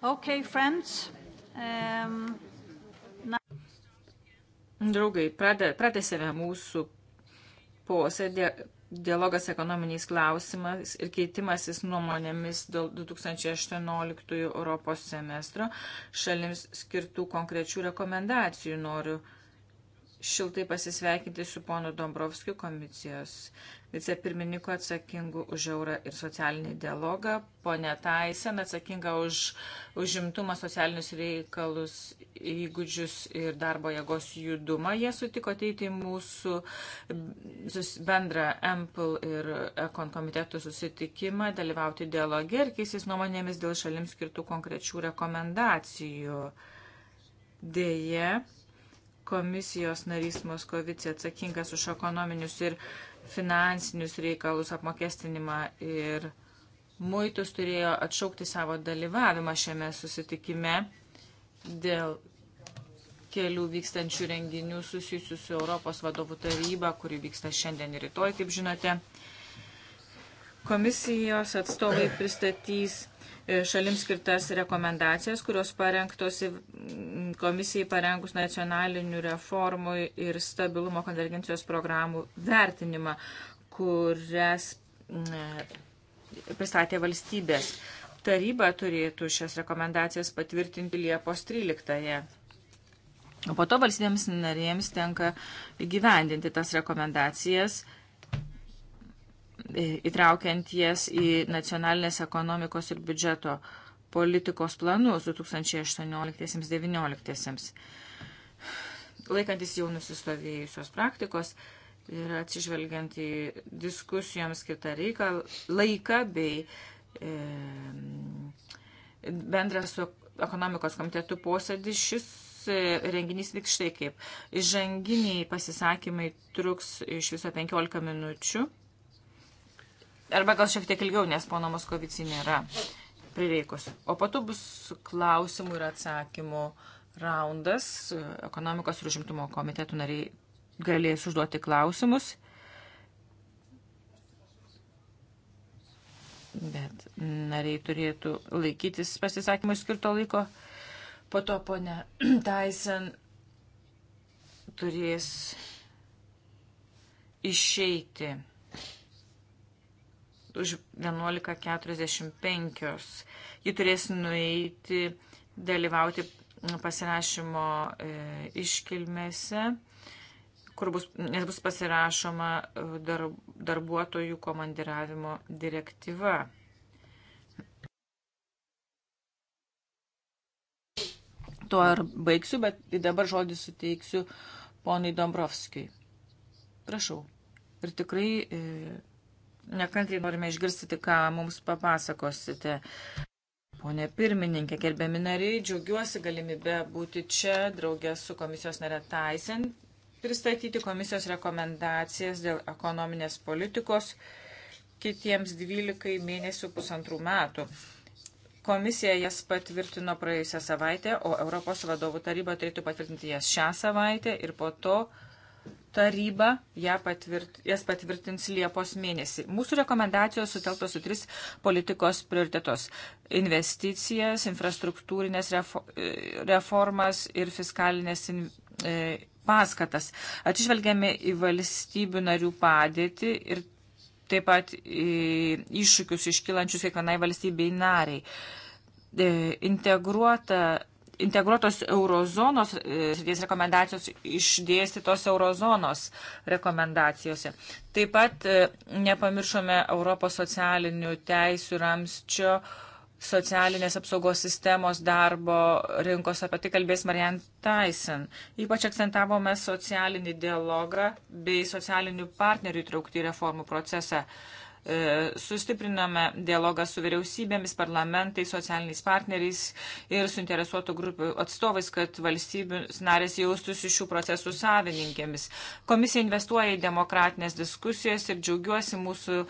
Okay, friends. Um, na... Draugai, pratesėme mūsų posėdį dialogas ekonominiais klausimais ir keitimasis nuomonėmis dėl 2018 Europos semestro šalims skirtų konkrečių rekomendacijų noriu šiltai pasisveikinti su ponu Dombrovskiu komisijos vicepirmininku atsakingu už eurą ir socialinį dialogą, ponė Taisen atsakinga už užimtumą socialinius reikalus, įgūdžius ir darbo jėgos judumą. Jie sutiko ateiti į mūsų bendrą EMPL ir ECON komitetų susitikimą, dalyvauti dialogė ir keisis nuomonėmis dėl šalims skirtų konkrečių rekomendacijų. Deja, komisijos narys Moskovici atsakingas už ekonominius ir finansinius reikalus, apmokestinimą ir muitus turėjo atšaukti savo dalyvavimą šiame susitikime dėl kelių vykstančių renginių susijusių su Europos vadovų taryba, kuri vyksta šiandien ir rytoj, kaip žinote. Komisijos atstovai pristatys šalims skirtas rekomendacijas, kurios parengtos komisijai parengus nacionalinių reformų ir stabilumo konvergencijos programų vertinimą, kurias mm, pristatė valstybės. Taryba turėtų šias rekomendacijas patvirtinti Liepos 13-ąją. O po to valstybėms narėms tenka gyvendinti tas rekomendacijas E, įtraukiant jas į nacionalinės ekonomikos ir biudžeto politikos planus 2018-2019. Laikantis jau nusistovėjusios praktikos ir atsižvelgiant į diskusijoms kitą reiką, laiką bei e, bendrą su ekonomikos komitetu posėdį šis e, renginys vyks štai kaip. Žanginiai pasisakymai truks iš viso 15 minučių Arba gal šiek tiek ilgiau, nes pono Moskovici nėra prireikus. O po to bus klausimų ir atsakymų raundas. Ekonomikos ir užimtumo komitetų nariai galės užduoti klausimus. Bet nariai turėtų laikytis pasisakymui skirto laiko. Po to ponė Tyson turės išeiti už 11.45. Ji turės nueiti, dalyvauti pasirašymo e, iškilmėse, kur bus, nes bus pasirašoma e, dar, darbuotojų komandiravimo direktyva. Tuo ir baigsiu, bet dabar žodį suteiksiu ponui Dombrovskijui. Prašau. Ir tikrai e, Nekantriai norime išgirsti, ką mums papasakosite. Pone pirmininkė, gerbiami nariai, džiaugiuosi galimybę būti čia draugė su komisijos nare Taisen, pristatyti komisijos rekomendacijas dėl ekonominės politikos kitiems 12 mėnesių pusantrų metų. Komisija jas patvirtino praėjusią savaitę, o Europos vadovų taryba turėtų patvirtinti jas šią savaitę ir po to taryba patvirt, jas patvirtins Liepos mėnesį. Mūsų rekomendacijos sutelktos su tris politikos prioritetos - investicijas, infrastruktūrinės reformas ir fiskalinės e, paskatas. Atižvelgiame į valstybių narių padėtį ir taip pat iššūkius iškylančius kiekvienai valstybei nariai. E, integruota integruotos eurozonos e, srities rekomendacijos išdėstytos eurozonos rekomendacijose. Taip pat e, nepamiršome Europos socialinių teisų ramsčio socialinės apsaugos sistemos darbo rinkos, apie tai kalbės Marian Tyson. Ypač akcentavome socialinį dialogą bei socialinių partnerių įtraukti į reformų procesą. E, sustiprinome dialogą su vyriausybėmis, parlamentais, socialiniais partneriais ir suinteresuotų grupių atstovais, kad valstybių narės jaustųsi šių procesų savininkėmis. Komisija investuoja į demokratinės diskusijas ir džiaugiuosi mūsų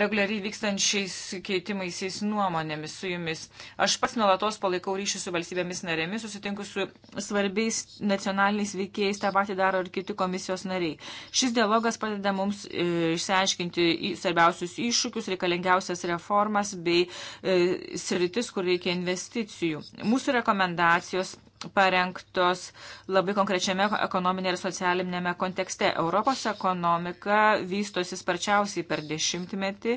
reguliariai vykstančiais keitimaisiais nuomonėmis su jumis. Aš pats nuolatos palaikau ryšį su valstybėmis narėmis, susitinku su svarbiais nacionaliniais veikėjais, tą patį daro ir kiti komisijos nariai. Šis dialogas padeda mums e, išsiaiškinti svarbiausius iššūkius, reikalingiausias reformas bei e, sritis, kur reikia investicijų. Mūsų rekomendacijos parengtos labai konkrečiame ekonominėje ir socialinėme kontekste. Europos ekonomika vystosi sparčiausiai per dešimtmetį,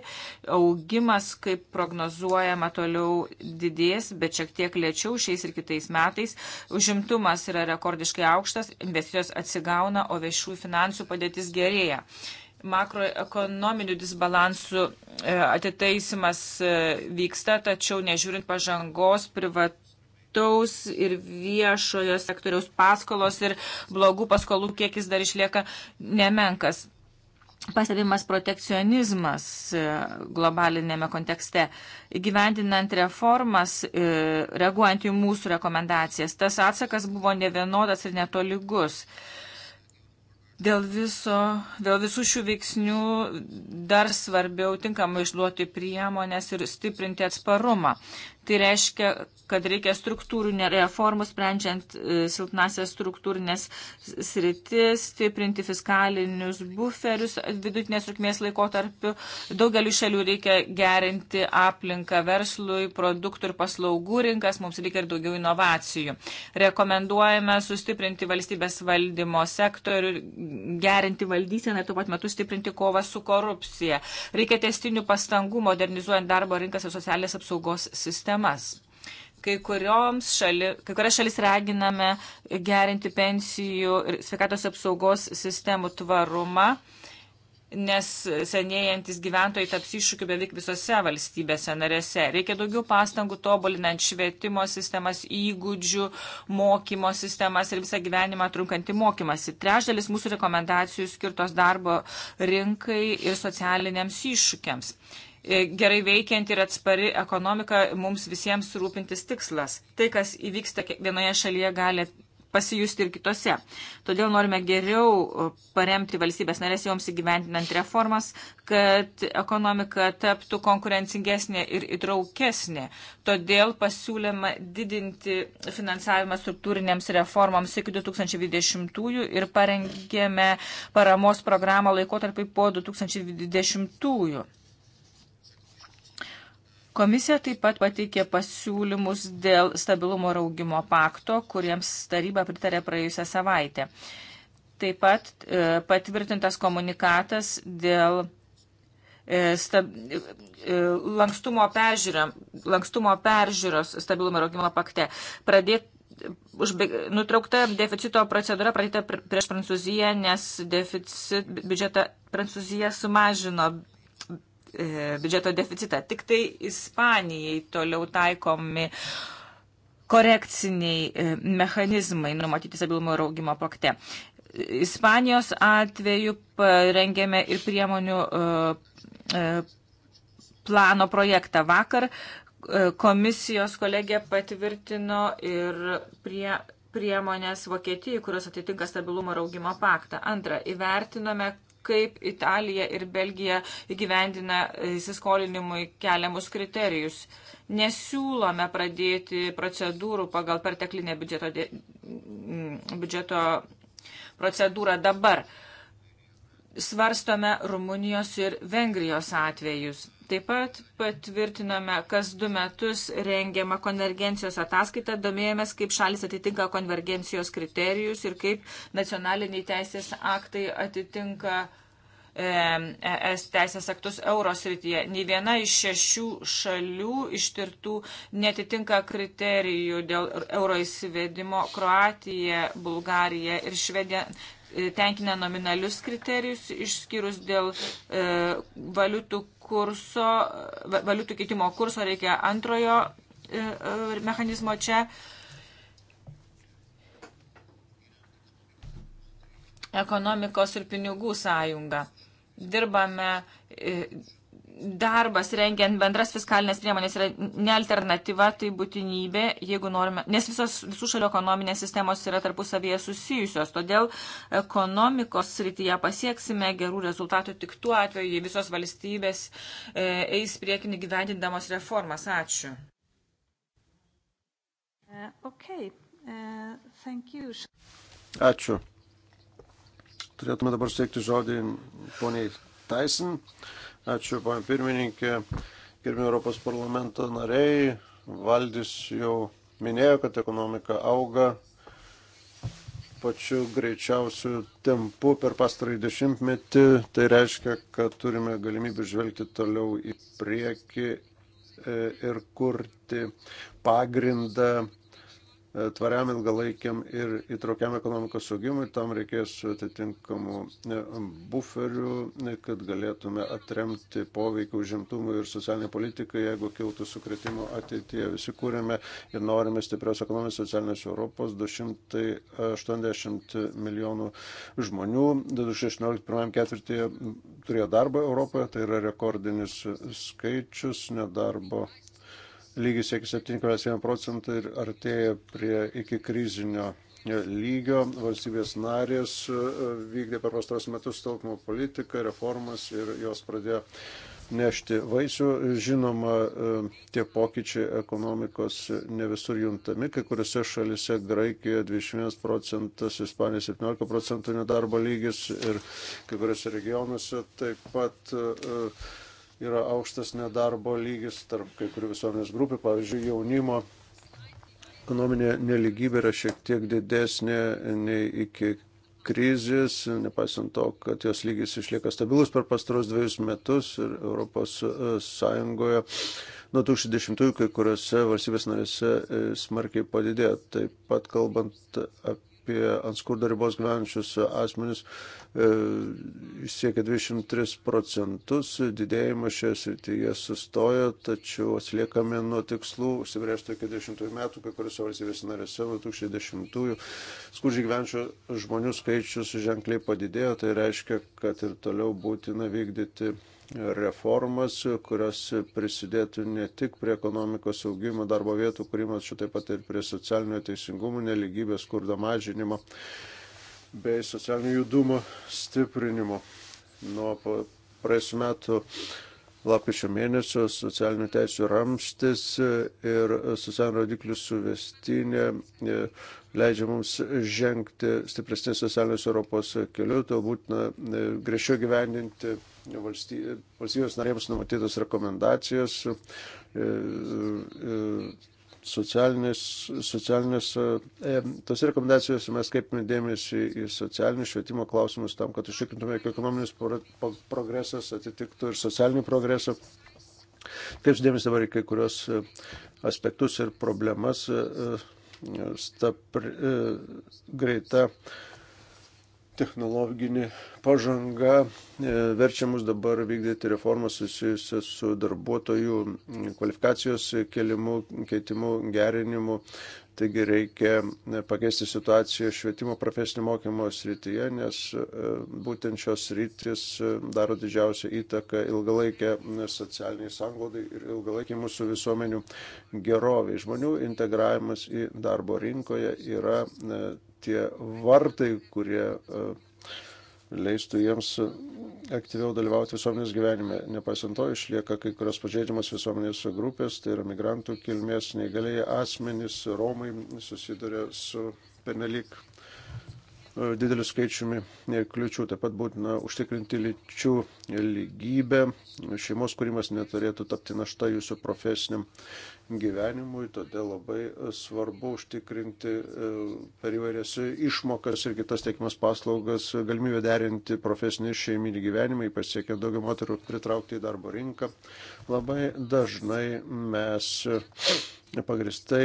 augimas, kaip prognozuojama, toliau didės, bet šiek tiek lėčiau šiais ir kitais metais. Užimtumas yra rekordiškai aukštas, investicijos atsigauna, o viešųjų finansų padėtis gerėja. Uh, makroekonominių disbalansų e, atitaisimas e, vyksta, tačiau nežiūrint pažangos privat privataus ir viešojo sektoriaus paskolos ir blogų paskolų kiekis dar išlieka nemenkas. Pastebimas protekcionizmas e, globalinėme kontekste, gyvendinant reformas, reaguojant į mūsų rekomendacijas. Tas atsakas buvo nevienodas ir netolygus. lygus Dėl, viso, dėl visų šių veiksnių dar svarbiau tinkamai išduoti priemonės ir stiprinti atsparumą. Tai reiškia, kad reikia struktūrinė reformų, sprendžiant e, silpnasias struktūrinės sritis, stiprinti fiskalinius buferius vidutinės trukmės laikotarpiu. Daugeliu šalių reikia gerinti aplinką verslui, produktų ir paslaugų rinkas, mums reikia ir daugiau inovacijų. Rekomenduojame sustiprinti valstybės valdymo sektorių, gerinti valdyseną ir tuo pat metu stiprinti kovą su korupcija. Reikia testinių pastangų modernizuojant darbo rinkas ir socialinės apsaugos sistemą problemas. Kai, šali, kai kurias šalis raginame gerinti pensijų ir sveikatos apsaugos sistemų tvarumą, nes senėjantis gyventojai taps iššūkiu beveik visose valstybėse narėse. Reikia daugiau pastangų tobulinant švietimo sistemas, įgūdžių, mokymo sistemas ir visą gyvenimą trunkantį mokymasi. Trečdalis mūsų rekomendacijų skirtos darbo rinkai ir socialiniams iššūkiams. E, gerai veikianti ir atspari ekonomika mums visiems rūpintis tikslas. Tai, kas įvyksta vienoje šalyje, gali pasijusti ir kitose. Todėl norime geriau e, paremti valstybės narės joms įgyventinant reformas, kad ekonomika taptų konkurencingesnė ir įtraukesnė. Todėl pasiūlėme didinti finansavimą struktūrinėms reformoms iki 2020-ųjų ir parengėme paramos programą laikotarpį po 2020-ųjų. Komisija taip pat pateikė pasiūlymus dėl stabilumo ir augimo pakto, kuriems taryba pritarė praėjusią savaitę. Taip pat e, patvirtintas komunikatas dėl e, stab, e, lankstumo, peržiūrė, lankstumo peržiūros stabilumo ir augimo pakte. Pradėt, užbėg, nutraukta deficito procedūra pradėta prieš Prancūziją, nes deficit biudžetą Prancūzija sumažino E, biudžeto deficitą. Tik tai Ispanijai toliau taikomi korekciniai e, mechanizmai numatyti stabilumo ir augimo pakte. Ispanijos atveju parengėme ir priemonių e, plano projektą vakar. Komisijos kolegė patvirtino ir prie, priemonės Vokietijai, kurios atitinka stabilumo ir augimo paktą. Antra, įvertinome, kaip Italija ir Belgija įgyvendina įsiskolinimui keliamus kriterijus. Nesiūlome pradėti procedūrų pagal perteklinę biudžeto, dė... biudžeto procedūrą dabar. Svarstome Rumunijos ir Vengrijos atvejus. Taip pat patvirtinome, kas du metus rengiama konvergencijos ataskaita, domėjomės, kaip šalis atitinka konvergencijos kriterijus ir kaip nacionaliniai teisės aktai atitinka ES e teisės aktus euros rytyje. Nei viena iš šešių šalių ištirtų netitinka kriterijų dėl euro įsivedimo. Kroatija, Bulgarija ir Švedija E, tenkina nominalius kriterijus, išskyrus dėl e, valiutų, kurso, valiutų keitimo kurso reikia antrojo e, e, mechanizmo čia. Ekonomikos ir pinigų sąjunga. Dirbame e, darbas rengiant bendras fiskalinės priemonės yra ne alternatyva, tai būtinybė, jeigu norime, nes visos visų šalių ekonominės sistemos yra tarpusavėje susijusios, todėl ekonomikos srityje pasieksime gerų rezultatų tik tuo atveju, jei visos valstybės e, eis priekinį gyvendindamos reformas. Ačiū. Uh, okay. uh, Ačiū. Turėtume dabar suteikti žodį poniai Tyson. Uh, Ačiū, pan pirmininkė. Gerbimi Europos parlamento nariai, valdys jau minėjo, kad ekonomika auga pačiu greičiausiu tempu per pastarąjį dešimtmetį. Tai reiškia, kad turime galimybę žvelgti toliau į priekį e, ir kurti pagrindą E, tvariam ilgalaikiam ir įtraukiam ekonomikos saugimui, tam reikės atitinkamų e, buferių, e, kad galėtume atremti poveikį užimtumui ir socialiniai politikai, jeigu kiltų sukretimo ateityje. Visi kūrėme ir norime stiprios ekonominės socialinės Europos 280 milijonų žmonių. 2016 ketvirtyje turėjo darbą Europoje, tai yra rekordinis skaičius nedarbo lygis siekia 7,1 procentą ir artėja prie iki krizinio lygio. Valstybės narės e, vykdė per pastaros metus taupimo politiką, reformas ir jos pradėjo nešti vaisių. Žinoma, e, tie pokyčiai ekonomikos ne visur juntami. Kai kuriuose šalise - Graikijoje 21 procentas, Ispanijoje 17 procentų nedarbo lygis ir kai kuriuose regionuose taip pat uh, yra aukštas nedarbo lygis tarp kai kurių visuomenės grupių, pavyzdžiui, jaunimo. Ekonominė neligybė yra šiek tiek didesnė nei iki krizės, nepaisant to, kad jos lygis išlieka stabilus per pastaros dviejus metus ir Europos e, Sąjungoje nuo 2010-ųjų kai kuriuose valstybės narėse e, smarkiai padidėjo. Taip pat kalbant apie apie ant skurdo ribos gyvenančius asmenis e, siekia 203 procentus, didėjimas šioje srityje sustojo, tačiau atsiliekame nuo tikslų, užsibrėžto iki 10 metų, kai kuriuose valstybės narėse nuo 2010 skurdžiai gyvenčių žmonių skaičius ženkliai padidėjo, tai reiškia, kad ir toliau būtina vykdyti reformas, kurios prisidėtų ne tik prie ekonomikos augimo, darbo vietų kūrimo, tačiau taip pat ir prie socialinio teisingumo, neligybės, skurdo mažinimo bei socialinio judumo stiprinimo. Nuo praėjusiu metu lapkričio mėnesio socialinių teisų ramstis ir socialinių rodiklių suvestinė e, leidžia mums žengti stipresnės socialinės Europos keliu, to būtina e, griežčiau gyvendinti valstybės narėms numatytos rekomendacijos e, e, socialinės, socialinės, e, tos rekomendacijos mes kaipime dėmesį į socialinių švietimo klausimus tam, kad ištikrintume, jog ekonominis progresas atitiktų ir socialinį progresą. Kaip dėmesį dabar į kai kurios aspektus ir problemas, stapri, greita technologinė pažanga e, verčia mus dabar vykdyti reformas susijusias su darbuotojų kvalifikacijos kelimu, keitimu, gerinimu, Taigi reikia e, pakeisti situaciją švietimo profesinio mokymo srityje, nes e, būtent šios rytis e, daro didžiausią įtaką ilgalaikę socialiniai sanglaudai ir ilgalaikiai mūsų visuomenių geroviai. Žmonių integravimas į darbo rinkoje yra tie vartai, kurie leistų jiems aktyviau dalyvauti visuomenės gyvenime. Nepaisant to, išlieka kai kurios pažeidžiamas visuomenės grupės, tai yra migrantų kilmės, neįgalėjai asmenys, Romai susiduria su penelik E, dideliu skaičiumi kliučių. Taip pat būtina užtikrinti lyčių lygybę. Šeimos kūrimas neturėtų tapti našta jūsų profesiniam gyvenimui, todėl labai svarbu užtikrinti e, per įvairias išmokas ir kitas teikimas paslaugas galimybę derinti profesinį ir šeiminį gyvenimą, ypač siekiant daugiau moterų pritraukti į darbo rinką. Labai dažnai mes e, pagristai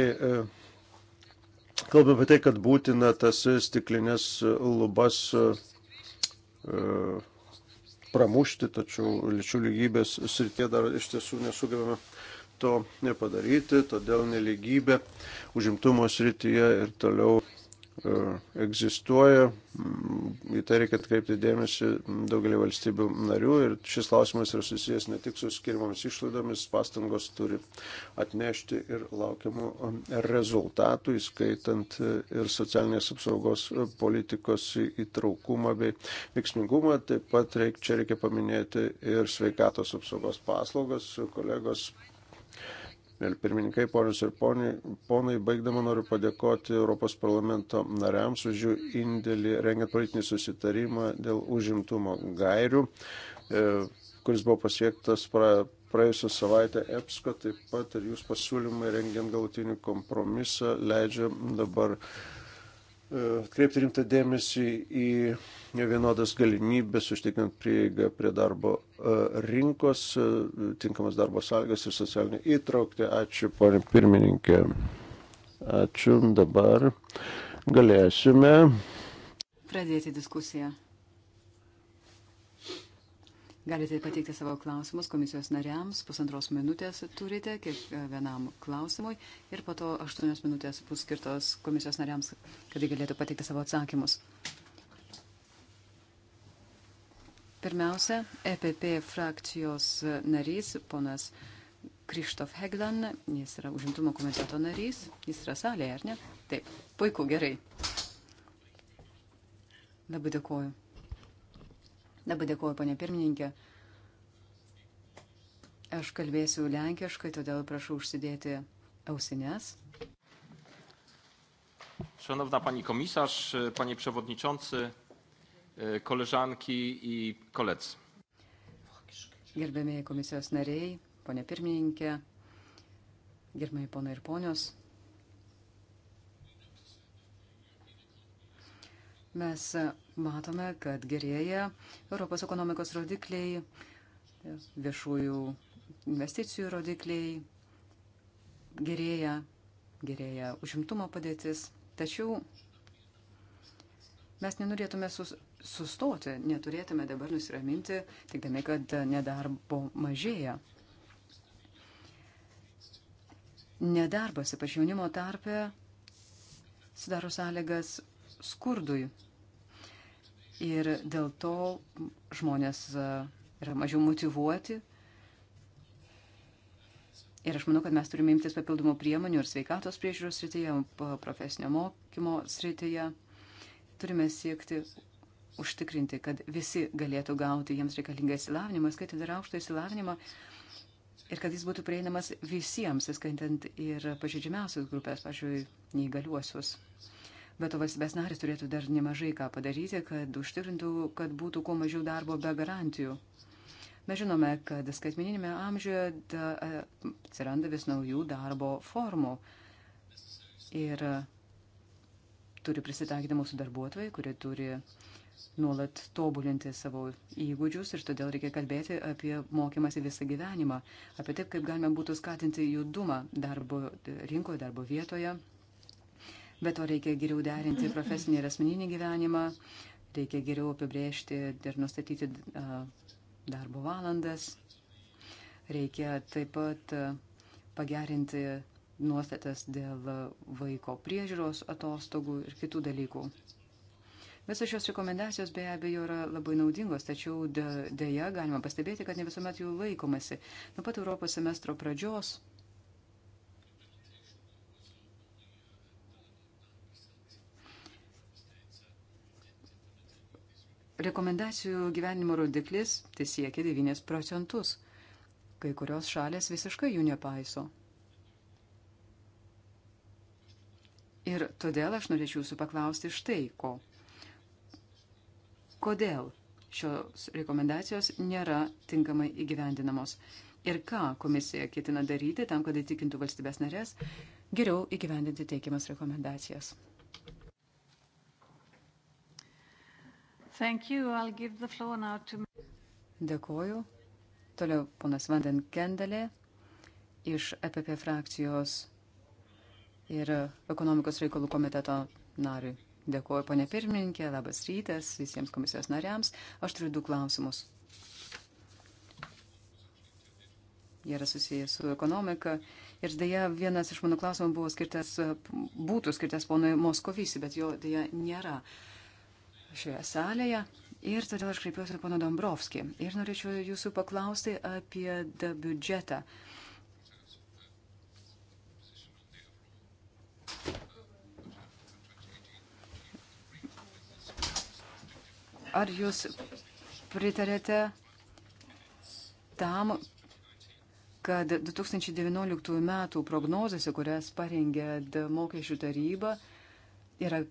kalba apie tai, kad būtina tas stiklinės lubas e, pramušti, tačiau lyčių lygybės srityje dar iš tiesų nesugebame to nepadaryti, todėl neligybė užimtumo srityje ir toliau E, egzistuoja, į tai reikia atkreipti dėmesį daugelį valstybių narių ir šis klausimas yra susijęs ne tik su skiriamomis išlaidomis, pastangos turi atnešti ir laukiamų e, rezultatų, įskaitant e, ir socialinės apsaugos politikos įtraukumą bei veiksmingumą. Taip pat reik, čia reikia paminėti ir sveikatos apsaugos paslaugas, kolegos Mėly pirmininkai, ponius ir ponai, ponai, baigdama noriu padėkoti Europos parlamento nariams už jų indėlį rengiant politinį susitarimą dėl užimtumo gairių, e, kuris buvo pasiektas pra, praėjusią savaitę EPSCO, taip pat ir jūs pasiūlymai rengiant galutinį kompromisą leidžia dabar uh, E, atkreipti rimtą dėmesį į vienodas galimybės, užtikrinant prieigą prie darbo e, rinkos, e, tinkamas darbo sąlygas ir socialinį įtraukti. Ačiū, ponė pirmininkė. Ačiū, dabar galėsime pradėti diskusiją. Galite pateikti savo klausimus komisijos nariams, pusantros minutės turite kiekvienam klausimui ir po to aštuonios minutės bus skirtos komisijos nariams, kad jie galėtų pateikti savo atsakymus. Pirmiausia, EPP frakcijos narys, ponas Krištof Heglan, jis yra užimtumo komiteto narys, jis yra salėje, ar ne? Taip, puiku, gerai. Labai dėkuoju. Dabar dėkuoju, ponė pirmininkė. Aš kalbėsiu lenkiškai, todėl prašau užsidėti ausines. Szanowna Pani Komisarz, Panie Przewodniczący, koleżanki i koledzy. Gerbėmiai komisijos nariai, ponė pirmininkė, gerbėmiai ponai ir ponios. Mes matome, kad gerėja Europos ekonomikos rodikliai, viešųjų investicijų rodikliai, gerėja, gerėja užimtumo padėtis. Tačiau mes nenorėtume sus, sustoti, neturėtume dabar nusiraminti, tikdami, kad nedarbo mažėja. Nedarbas, ypač jaunimo tarpe, sudaro sąlygas skurdui ir dėl to žmonės e, yra mažiau motivuoti. Ir aš manau, kad mes turime imtis papildomų priemonių ir sveikatos priežiūros srityje, profesinio mokymo srityje. Turime siekti užtikrinti, kad visi galėtų gauti jiems reikalingą įsilavinimą, skaitant ir aukštą įsilavinimą, ir kad jis būtų prieinamas visiems, skaitant ir pažydžiamiausias grupės, pažiūrėjau, neįgaliuosius bet to valstybės narės turėtų dar nemažai ką padaryti, kad užtikrintų, kad būtų kuo mažiau darbo be garantijų. Mes žinome, kad skaitmeninėme amžiuje e, atsiranda vis naujų darbo formų ir turi prisitaikyti mūsų darbuotojai, kurie turi nuolat tobulinti savo įgūdžius ir todėl reikia kalbėti apie mokymasi visą gyvenimą, apie taip, kaip galime būtų skatinti judumą darbo rinkoje, darbo vietoje bet to reikia geriau derinti profesinį ir asmeninį gyvenimą, reikia geriau apibriežti ir nustatyti darbo valandas, reikia taip pat pagerinti nuostatas dėl vaiko priežiūros atostogų ir kitų dalykų. Visos šios rekomendacijos be abejo yra labai naudingos, tačiau dėja galima pastebėti, kad ne visuomet jų laikomasi. Nuo pat Europos semestro pradžios rekomendacijų gyvenimo rodiklis tai siekia 9 procentus. Kai kurios šalės visiškai jų nepaiso. Ir todėl aš norėčiau jūsų paklausti štai ko. Kodėl šios rekomendacijos nėra tinkamai įgyvendinamos? Ir ką komisija ketina daryti tam, kad įtikintų valstybės narės geriau įgyvendinti teikiamas rekomendacijas? To... Dėkoju. Toliau ponas Vanden Kendelė iš EPP frakcijos ir ekonomikos reikalų komiteto nariui. Dėkuoju, ponė pirmininkė, labas rytas visiems komisijos nariams. Aš turiu du klausimus. Jie yra susijęs su ekonomika. Ir dėja, vienas iš mano klausimų buvo skirtas, būtų skirtas ponui Moskovisi, bet jo dėja nėra. Uh, šioje salėje. Ir todėl aš kreipiuosi į pono Dombrovskį. Ir norėčiau jūsų paklausti apie biudžetą. Ar jūs pritarėte tam, kad 2019 metų prognozėse, kurias parengė mokesčių taryba, yra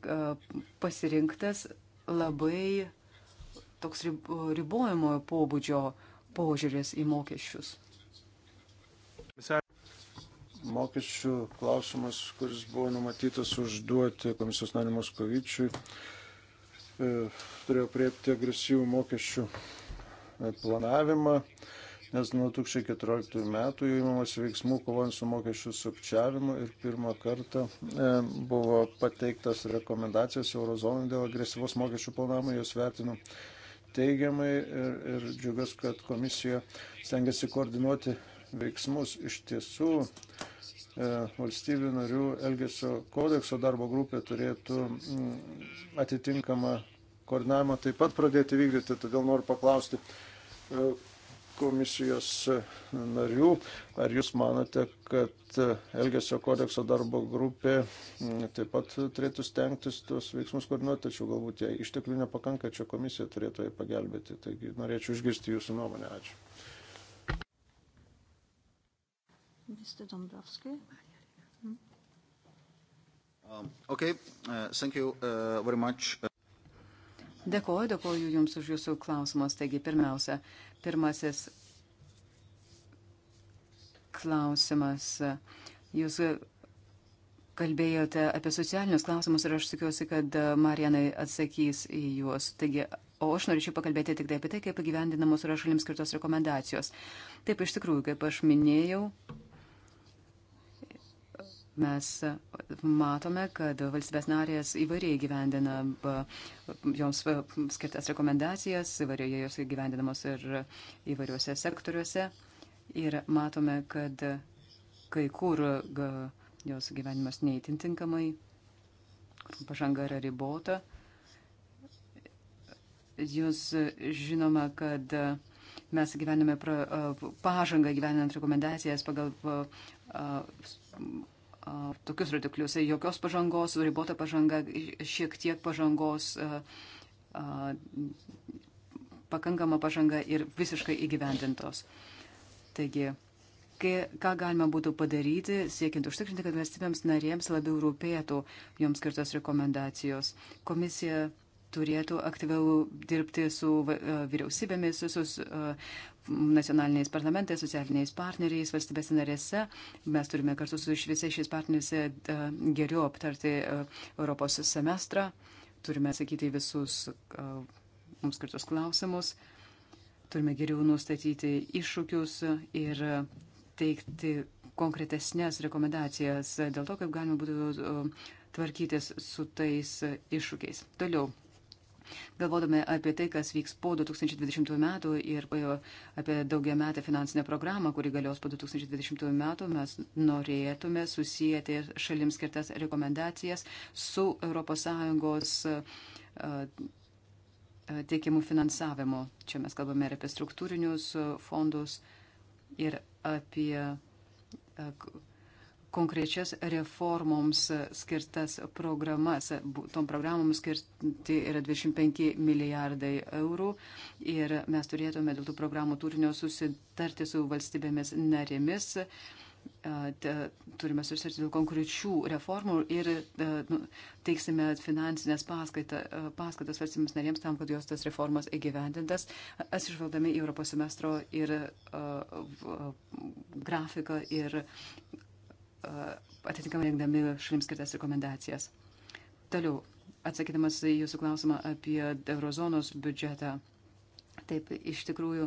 pasirinktas labai toks ribojamojo pobūdžio požiūris į mokesčius. Mokesčių klausimas, kuris buvo numatytas užduoti komisijos nariu Moskovičiui, e, turėjo priepti agresyvų mokesčių e, planavimą nes nuo 2014 metų jau įmamas veiksmų kovojant su mokesčių sukčiavimu ir pirmą kartą e, buvo pateiktas rekomendacijos Eurozonai dėl agresyvos mokesčių planavimo, jos vertinu teigiamai ir, ir džiugas, kad komisija stengiasi koordinuoti veiksmus iš tiesų e, valstybių narių Elgesio kodekso darbo grupė turėtų mm, atitinkamą koordinavimą taip pat pradėti vykdyti. Todėl noriu paklausti, e, komisijos e, narių, ar jūs manote, kad e, Elgesio kodekso darbo grupė taip pat turėtų stengtis tuos veiksmus koordinuoti, tačiau galbūt jai išteklių nepakanka, čia komisija turėtų jai pagelbėti. Taigi norėčiau išgirsti jūsų nuomonę. Ačiū. Mr. Dombrovski. Hmm? Um, okay, uh, thank you uh, very much. Dėkoju, dėkoju Jums už Jūsų klausimus. Taigi, pirmiausia, pirmasis klausimas. Jūs kalbėjote apie socialinius klausimus ir aš tikiuosi, kad Marijanai atsakys į juos. Taigi, o aš norėčiau pakalbėti tik tai apie tai, kaip gyvendinamos yra šalims skirtos rekomendacijos. Taip, iš tikrųjų, kaip aš minėjau, Mes matome, kad valstybės narės įvairiai gyvendina joms skirtas rekomendacijas, įvairiai jos gyvendinamos ir įvairiuose sektoriuose. Ir matome, kad kai kur jos gyvenimas neįtintinkamai, pažanga yra ribota. Jūs žinoma, kad mes gyvename pra, pažangą gyvenant rekomendacijas pagal tokius rodiklius. Jokios pažangos, ribota pažanga, šiek tiek pažangos, pakankama pažanga ir visiškai įgyvendintos. Taigi, kai, ką galima būtų padaryti, siekiant užtikrinti, kad valstybėms narėms labiau rūpėtų joms skirtos rekomendacijos. Komisija turėtų aktyviau dirbti su e, vyriausybėmis, su, su e, nacionaliniais parlamentais, socialiniais partneriais, valstybės narėse. Mes turime kartu su visais šiais partneriais e, geriau aptarti Europos semestrą, turime sakyti visus mums skirtus klausimus, turime geriau nustatyti iššūkius ir teikti konkretesnės rekomendacijas dėl to, kaip galima būtų tvarkytis su tais iššūkiais. Toliau, Galvodami apie tai, kas vyks po 2020 metų ir e, apie daugiametę finansinę programą, kuri galios po 2020 metų, mes norėtume susijęti šalims skirtas rekomendacijas su ES e, e, teikiamų finansavimo. Čia mes kalbame ir apie struktūrinius fondus, ir apie konkrečias reformoms skirtas programas. Tom programoms skirti yra 25 milijardai eurų ir mes turėtume dėl tų programų turinio susitarti su valstybėmis narėmis. Turime susitarti dėl konkrečių reformų ir nu, teiksime finansinės paskatas valstybėms narėms tam, kad jos tas reformas įgyvendintas, atsižvelgdami į Europos semestro ir grafiką ir atitinkamai rengdami šalims skirtas rekomendacijas. Toliau, atsakydamas į jūsų klausimą apie eurozonos biudžetą, taip, iš tikrųjų,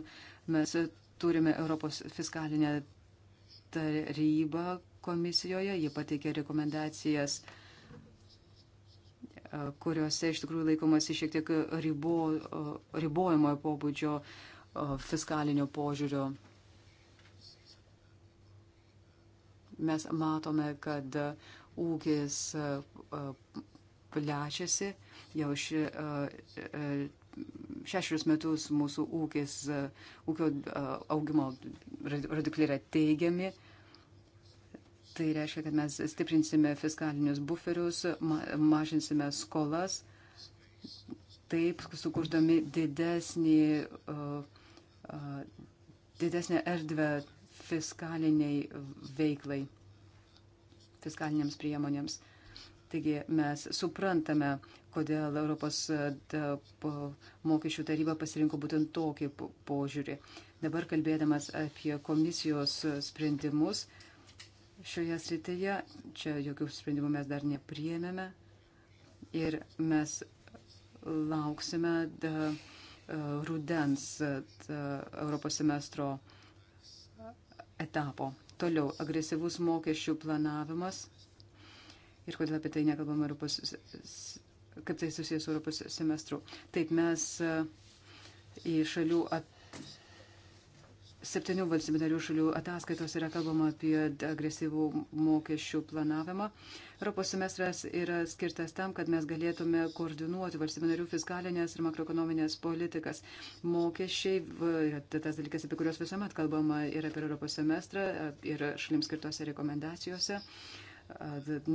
mes turime Europos fiskalinę tarybą komisijoje, ji pateikė rekomendacijas kuriuose iš tikrųjų laikomasi šiek tiek ribo, ribojamojo pobūdžio fiskalinio požiūrio mes matome, kad ūkis e, e, plečiasi. Jau ši, e, šešerius metus mūsų ūkis, ūkio augimo rodikliai yra teigiami. Tai reiškia, kad mes stiprinsime fiskalinius buferius, mažinsime skolas, taip sukurdami didesnį, didesnį erdvę fiskaliniai veiklai, fiskaliniams priemonėms. Taigi mes suprantame, kodėl Europos mokesčių taryba pasirinko būtent tokį požiūrį. Dabar kalbėdamas apie komisijos sprendimus šioje srityje, čia jokių sprendimų mes dar nepriemėme ir mes lauksime da, rudens da, Europos semestro uh, etapo. Toliau agresyvus mokesčių planavimas ir kodėl apie tai nekalbam Europos, kaip tai susijęs su Europos semestru. Taip mes e, į šalių apie septynių valstybių narių šalių ataskaitos yra kalbama apie agresyvų mokesčių planavimą. Europos semestras yra skirtas tam, kad mes galėtume koordinuoti valstybių narių fiskalinės ir makroekonominės politikas. Mokesčiai yra tas dalykas, apie kuriuos visuomet kalbama ir apie Europos semestrą, ir šalims skirtose rekomendacijose. Uh,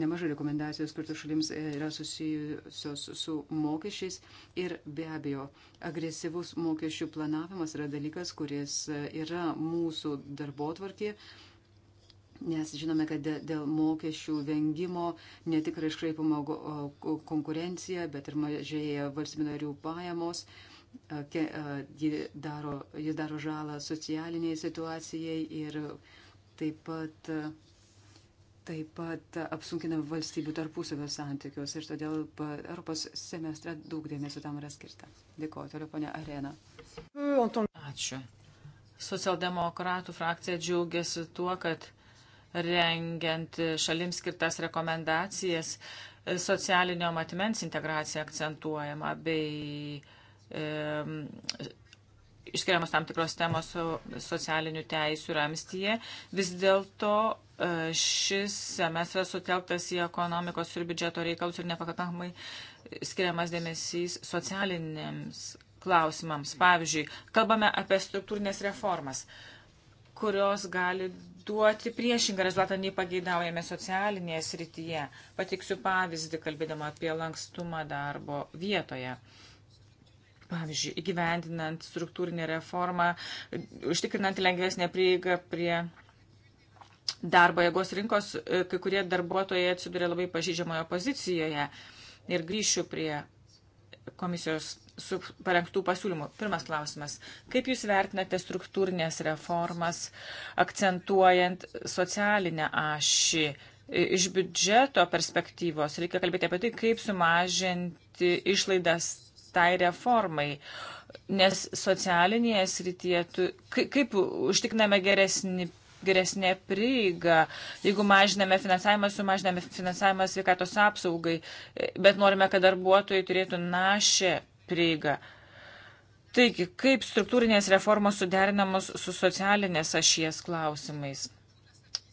Nemažai rekomendacijos skirtų šalims e, yra susijusios su mokesčiais ir be abejo agresyvus mokesčių planavimas yra dalykas, kuris e, yra mūsų darbo tvarkė. Nes žinome, kad dėl mokesčių vengimo ne tik yra iškraipama konkurencija, bet ir mažėja valstybinarių pajamos, e, jis daro, jis daro žalą socialiniai situacijai ir taip pat uh, taip pat apsunkina valstybių tarpusavio santykius ir todėl Europos semestre daug dėmesio tam yra skirta. Dėkuoju, toliau ponia Arena. Ačiū. Socialdemokratų frakcija džiaugiasi tuo, kad rengiant šalims skirtas rekomendacijas socialinio matmens integracija akcentuojama bei e, išskiriamos tam tikros temos socialinių teisų ramstyje. Vis dėlto e, šis semestras sutelktas į ekonomikos ir biudžeto reikalus ir nepakankamai skiriamas dėmesys socialinėms klausimams. Pavyzdžiui, kalbame apie struktūrinės reformas, kurios gali duoti priešingą rezultatą nei pageidaujame socialinėje srityje. Pateiksiu pavyzdį, kalbėdama apie lankstumą darbo vietoje. Uh, Pavyzdžiui, įgyvendinant struktūrinę reformą, užtikrinant lengvesnę prieigą prie darbo jėgos rinkos, e, kai kurie darbuotojai atsiduria labai pažydžiamojo pozicijoje. Ir grįšiu prie komisijos su parengtų pasiūlymų. Pirmas klausimas. Kaip Jūs vertinate struktūrinės reformas, akcentuojant socialinę ašį? E, iš biudžeto perspektyvos reikia kalbėti apie tai, kaip sumažinti išlaidas tai reformai. Nes socialinėje srityje, tu, kaip, kaip užtikname geresnį geresnė prieiga, jeigu mažiname finansavimą, sumažiname finansavimą sveikatos apsaugai, bet norime, kad darbuotojai turėtų našę prieigą. Taigi, kaip struktūrinės reformos suderinamos su socialinės ašies klausimais?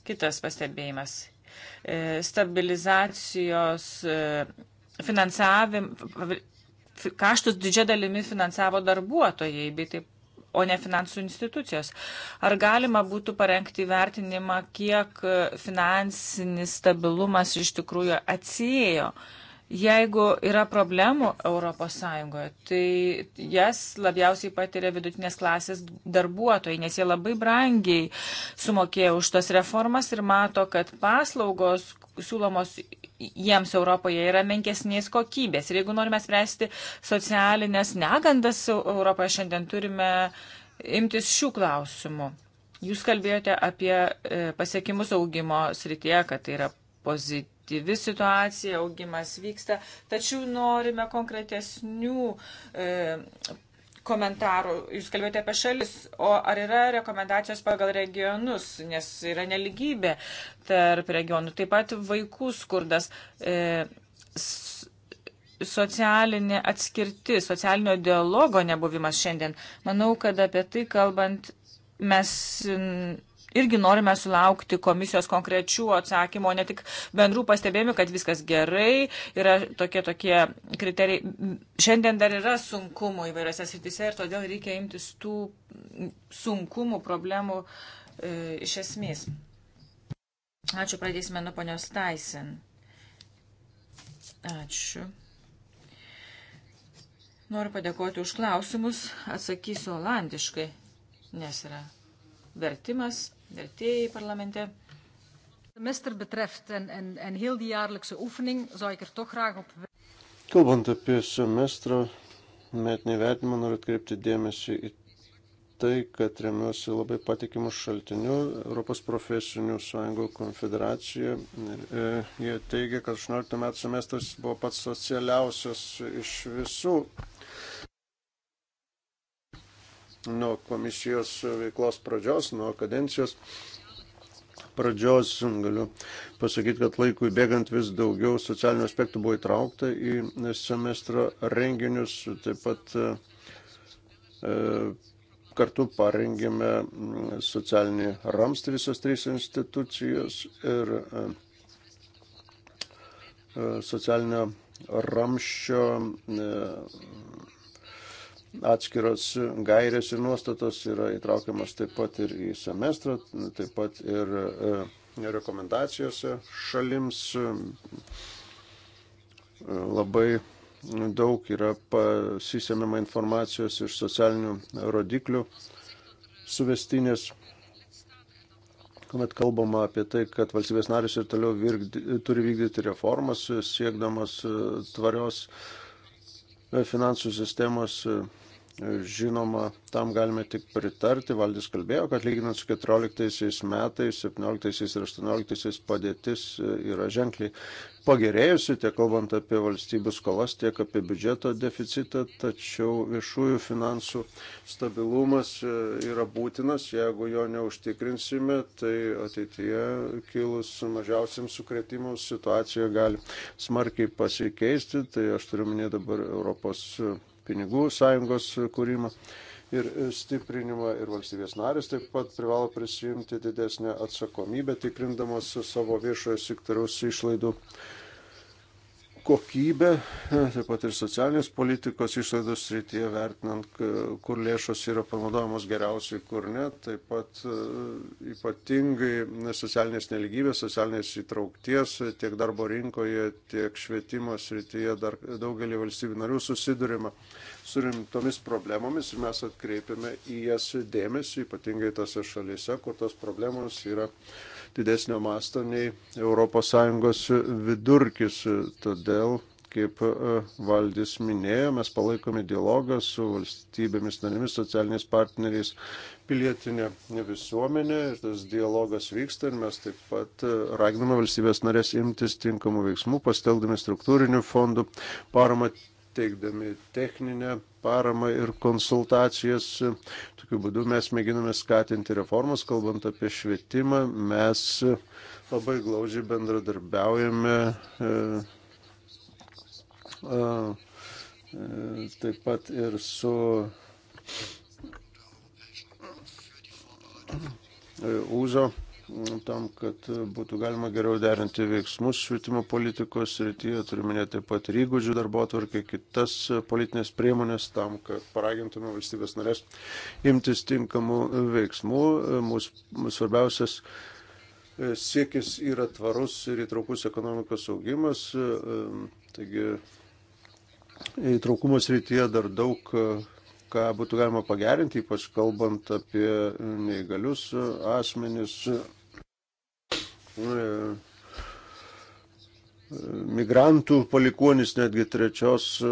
Kitas pastebėjimas. E, stabilizacijos e, finansavim, kaštus didžia dalimi finansavo darbuotojai, bei taip, o ne finansų institucijos. Ar galima būtų parengti vertinimą, kiek finansinis stabilumas iš tikrųjų atsijėjo? Uh, Jeigu yra problemų ES, tai jas labiausiai patiria vidutinės klasės darbuotojai, nes jie labai brangiai sumokėjo už tas reformas ir mato, kad paslaugos siūlomos jiems Europoje yra menkesnės kokybės. Ir jeigu norime spręsti socialinės negandas Europoje, šiandien turime imtis šių klausimų. Jūs kalbėjote apie e, pasiekimus augimo srityje, kad tai yra pozityvi pozityvi situacija, augimas vyksta, tačiau norime konkretesnių e, komentarų. Jūs kalbėjote apie šalis, o ar yra rekomendacijos pagal regionus, nes yra neligybė tarp regionų. Taip pat vaikų skurdas, e, socialinė atskirti, socialinio dialogo nebuvimas šiandien. Manau, kad apie tai kalbant mes irgi norime sulaukti komisijos konkrečių atsakymų, o ne tik bendrų pastebėjimų, kad viskas gerai, yra tokie tokie kriterijai. Šiandien dar yra sunkumų įvairiose srityse ir todėl reikia imtis tų sunkumų, problemų e, iš esmės. Ačiū, pradėsime nuo ponios Tyson. Ačiū. Noriu padėkoti už klausimus, atsakysiu olandiškai, nes yra vertimas vertėjai parlamente. Semester betreft en, en, en heel die jaarlijkse oefening zou ik er toch graag op. Kalbant apie semestro metinį vertinimą, noriu atkreipti dėmesį į tai, kad remiuosi er labai patikimu šaltiniu Europos profesinių sąjungų konfederacija. Eh, eh, Jie teigia, kad 18 metų semestras buvo pats socialiausias iš visų nuo komisijos veiklos pradžios, nuo kadencijos pradžios, galiu pasakyti, kad laikui bėgant vis daugiau socialinių aspektų buvo įtraukta į semestro renginius, taip pat e, kartu parengėme socialinį ramstą visos trys institucijos ir e, e socialinio ramščio e, atskiros gairės ir nuostatos yra įtraukiamas taip pat ir į semestrą, taip pat ir e, rekomendacijose šalims. E, labai daug yra pasisemiama informacijos iš socialinių rodiklių suvestinės, kuomet kalbama apie tai, kad valstybės narys ir toliau virkdi, turi vykdyti reformas, siekdamas e, tvarios finansų sistemos Žinoma, tam galime tik pritarti. Valdis kalbėjo, kad lyginant su 14 metais, 17 ir 18 padėtis e, yra ženkliai pagerėjusi, tiek kalbant apie valstybių skolas, tiek apie biudžeto deficitą, tačiau viešųjų finansų stabilumas e, yra būtinas, jeigu jo neužtikrinsime, tai ateityje kilus mažiausiams sukretimams situacija gali smarkiai pasikeisti, tai aš turiu minėti dabar Europos pinigų sąjungos kūrimą ir stiprinimą ir valstybės narės taip pat privalo prisijimti didesnę atsakomybę, tikrindamos savo viešojo sektoriaus išlaidų kokybę, taip pat ir socialinės politikos išlaidos srityje, vertinant, kur lėšos yra panaudojamos geriausiai, kur ne, taip pat e, ypatingai socialinės neligybės, socialinės įtraukties tiek darbo rinkoje, tiek švietimo srityje dar daugelį valstybių narių susidurima su rimtomis problemomis ir mes atkreipiame į jas dėmesį, ypatingai tose šalyse, kur tos problemos yra didesnio masto nei ES vidurkis. Todėl, kaip e, valdys minėjo, mes palaikome dialogą su valstybėmis narėmis, socialiniais partneriais, pilietinė visuomenė ir tas dialogas vyksta ir mes taip pat e, raginame valstybės narės imtis tinkamų veiksmų, pasteldami struktūrinių fondų paramą teikdami techninę paramą ir konsultacijas. Tokiu būdu mes mėginame skatinti reformas, kalbant apie švietimą. Mes labai glaudžiai bendradarbiaujame. E, e, taip pat ir su e, Uzo tam, kad būtų galima geriau derinti veiksmus švietimo politikos srityje, turime taip pat ir įgūdžių darbo atvarkį, kitas politinės priemonės tam, kad paragintume valstybės narės imtis tinkamų veiksmų. Mūsų svarbiausias e, siekis yra tvarus ir įtraukus ekonomikos augimas. E, taigi įtraukumo srityje dar daug e, ką būtų galima pagerinti, ypač kalbant apie neįgalius asmenis, E, migrantų palikonis, netgi trečios, e,